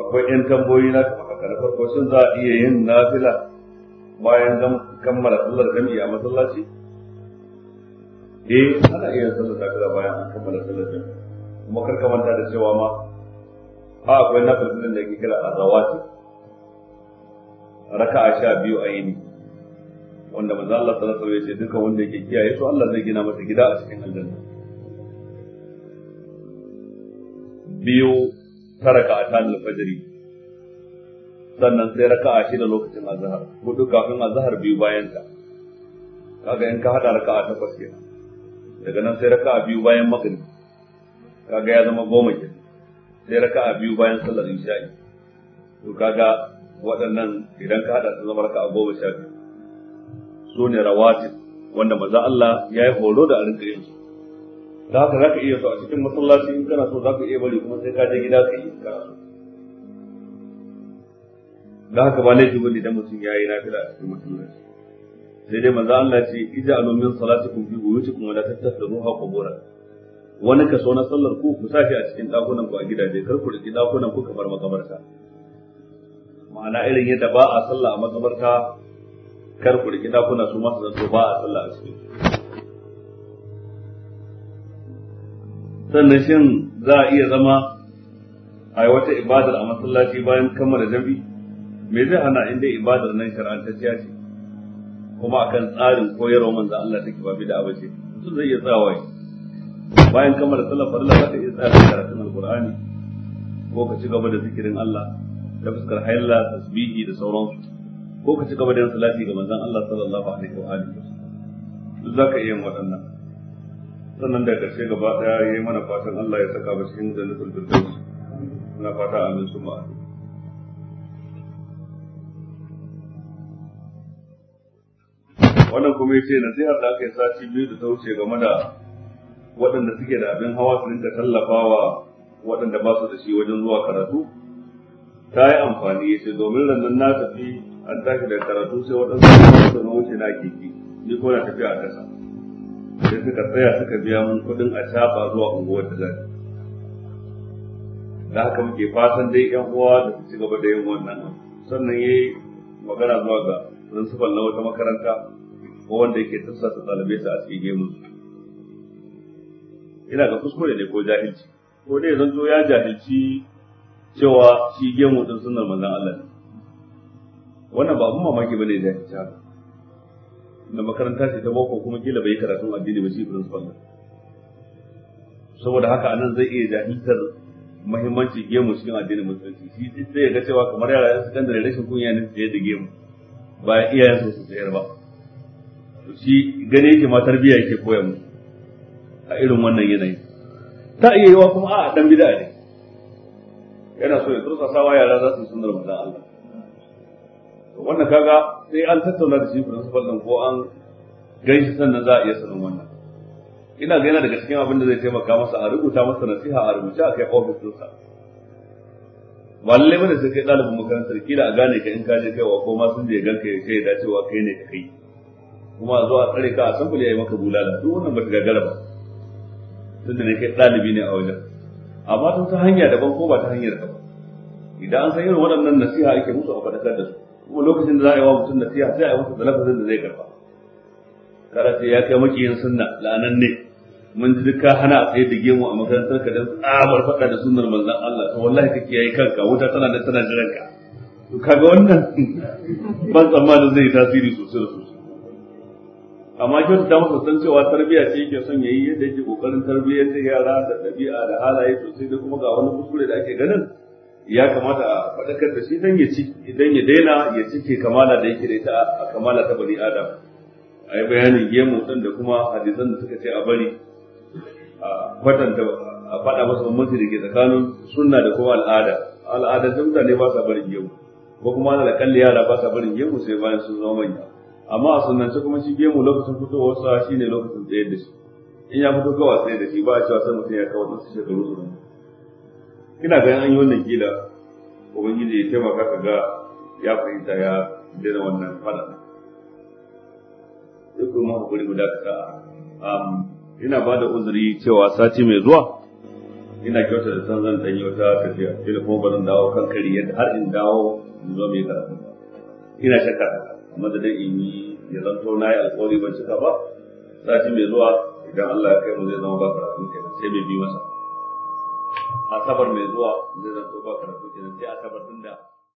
A: akwai yan tamboyi na haka na farko shin za a iya yin nafila bayan kammala sallar jami'i a masallaci eh ana iya sallar nafila bayan an kammala sallar jami'i kuma karka manta da cewa ma a akwai na filfilin da ke kira arrawati a sha biyu a yini wanda manzo Allah sallallahu alaihi wasallam ya ce duka wanda yake kiyaye su Allah zai gina masa gida a cikin aljanna biyu ta raka a ta alfajiri sannan sai raka a shida lokacin azahar hudu kafin azahar biyu bayan ta kaga in ka hada a takwas kenan daga nan sai raka a biyu bayan maghrib kaga ya zama goma ke sai raka a biyu bayan sallar isha'i to kaga waɗannan idan ka haɗa su zama a goma sha biyu su ne rawatin wanda maza Allah ya yi horo da arin rinka su da haka za ka iya so a cikin masallaci in kana so za ka iya bari kuma sai ka je gida ka yi in kana so da haka ba laifi bane idan mutum ya yi nafila a cikin masallaci sai dai maza Allah ce ija'alu min salatikum fi buyutikum wa la tattakhidhuha quburan wani kaso na sallar ku ku sa shi a cikin dakunan ku a gidaje kar ku rike dakunan ku kamar makabarta ma'ana irin yadda ba a sallah a makabarta kar ku rike dakuna su masu zato ba a sallah a cikin sannan shin za a iya zama a yi wata ibadar a masallaci bayan kammala jam'i me zai hana inda ibadar nan shar'antacciya ce kuma akan tsarin koyarwa manzo Allah take ba bid'a da ce mutum zai iya tsawaye bayan kammala sallar farilla za ka iya tsaya da karatun alkur'ani ko ka ci gaba da zikirin Allah da fuskar hayalla tasbihi da sauransu ko ka ci gaba da yin salati ga manzon Allah sallallahu alaihi wa alihi duk za ka iya yin waɗannan sannan da karshe gaba ya yayi mana fatan Allah ya saka ba cikin jannatul firdaus muna fata amin su ma'a wannan kuma yace nasihar da aka yi sati biyu da ta wuce game da waɗanda suke da abin hawa su rinka tallafawa waɗanda ba su da shi wajen zuwa karatu ta yi amfani ya ce domin rannan na tafi an tashi da karatu sai waɗansu su na wuce na keke ni ko na tafi a ƙasa sai suka tsaya suka biya mun kuɗin a caɓa zuwa unguwar da zai da haka muke fatan dai yan uwa da su ci gaba da yin wannan sannan ya yi magana zuwa ga principal na wata makaranta ko wanda yake tassa ta ɗalibai su a cikin gemun ina ga kuskure ne ko jahilci ko dai zan zo ya jahilci cewa shi gemu din sunnar manzon Allah ne wannan ba abun mamaki bane jahilci haka na makaranta ce ta boko kuma kila bai karatun addini ba shi principal ne saboda haka anan zai iya jahiltar muhimmanci gemu cikin addinin musulunci shi sai ya ga cewa kamar yara yan sakandare rashin kunya ne su da gemu ba iyayen su su tsayar ba shi gane yake ma tarbiyya yake koya musu a irin wannan yanayi ta iya yiwa kuma a dan bid'a ne yana so ya sawa yara za su yi sunnar manzon Allah wannan kaga sai an tattauna da shi su din ko an gaishe sannan za a iya sanin wannan ina ga yana daga cikin abin da zai taimaka masa a rubuta masa nasiha a rubuce a kai office ɗinsa ba lallai bane sai kai ɗalibin makarantar kila a gane ka in ka je kaiwa ko ma sun je ganka ya kai dacewa kai ne ka kai kuma zuwa tsare ka a samfuli ya yi maka bulala duk wannan ba ta gagara ba tunda ne kai ɗalibi ne a wajen amma ta hanya daban ko ba ta hanyar ka ba idan an san irin waɗannan nasiha ake musu a faɗakar da su kuma lokacin da za a yi wa mutum nasiha sai a yi masa da lafazin da zai karɓa kada sai ya kai makiyin sunna la'anan ne mun ji ka hana a tsaye da gemu a makarantar ka dan tsabar faɗa da sunnar manzon Allah to wallahi kake yayi kanka wuta tana da tana jiran ka to kaga wannan ban tsammanin zai tasiri sosai da sosai amma ta masa san cewa tarbiyya ce yake son yayi yadda yake kokarin tarbiyyar da yara da ɗabi'a da halaye sosai da kuma ga wani kuskure da ake ganin ya kamata a faɗakar da shi dan ya ci idan ya daina ya cike kamala da yake da ita a kamala ta bani adam ai bayanin gemu ɗin da kuma hadisan da suka ce a bari a kwatanta a faɗa masa ummati da ke tsakanin sunna da kuma al'ada al'ada da mutane ba sa barin gemu ko kuma da kalli yara ba sa barin gemu sai bayan sun zama manya amma a sunance kuma shi gemu lokacin fitowarsa shine lokacin tsaye da shi in ya fito kawai tsaye da shi ba a cewa sai mutum ya kawo su shekaru su nan ina ganin an yi wannan kuma ubangiji ya taimaka ka ga ya fahimta ya daina wannan fada duk kuma hakuri ka dakata ina ba da uzuri cewa sati mai zuwa ina kyauta da san zan danyi wata tafiya ina kuma ba zan dawo kan kari yadda har in dawo in zo mai karatu ina shakka madadin in yi ya zanto na yi alkawari ban cika ba sati mai zuwa idan Allah ya kai mu zai zama ba karatu kenan sai mai bi masa asabar mai zuwa zai zanto ba karatu kenan sai asabar tun da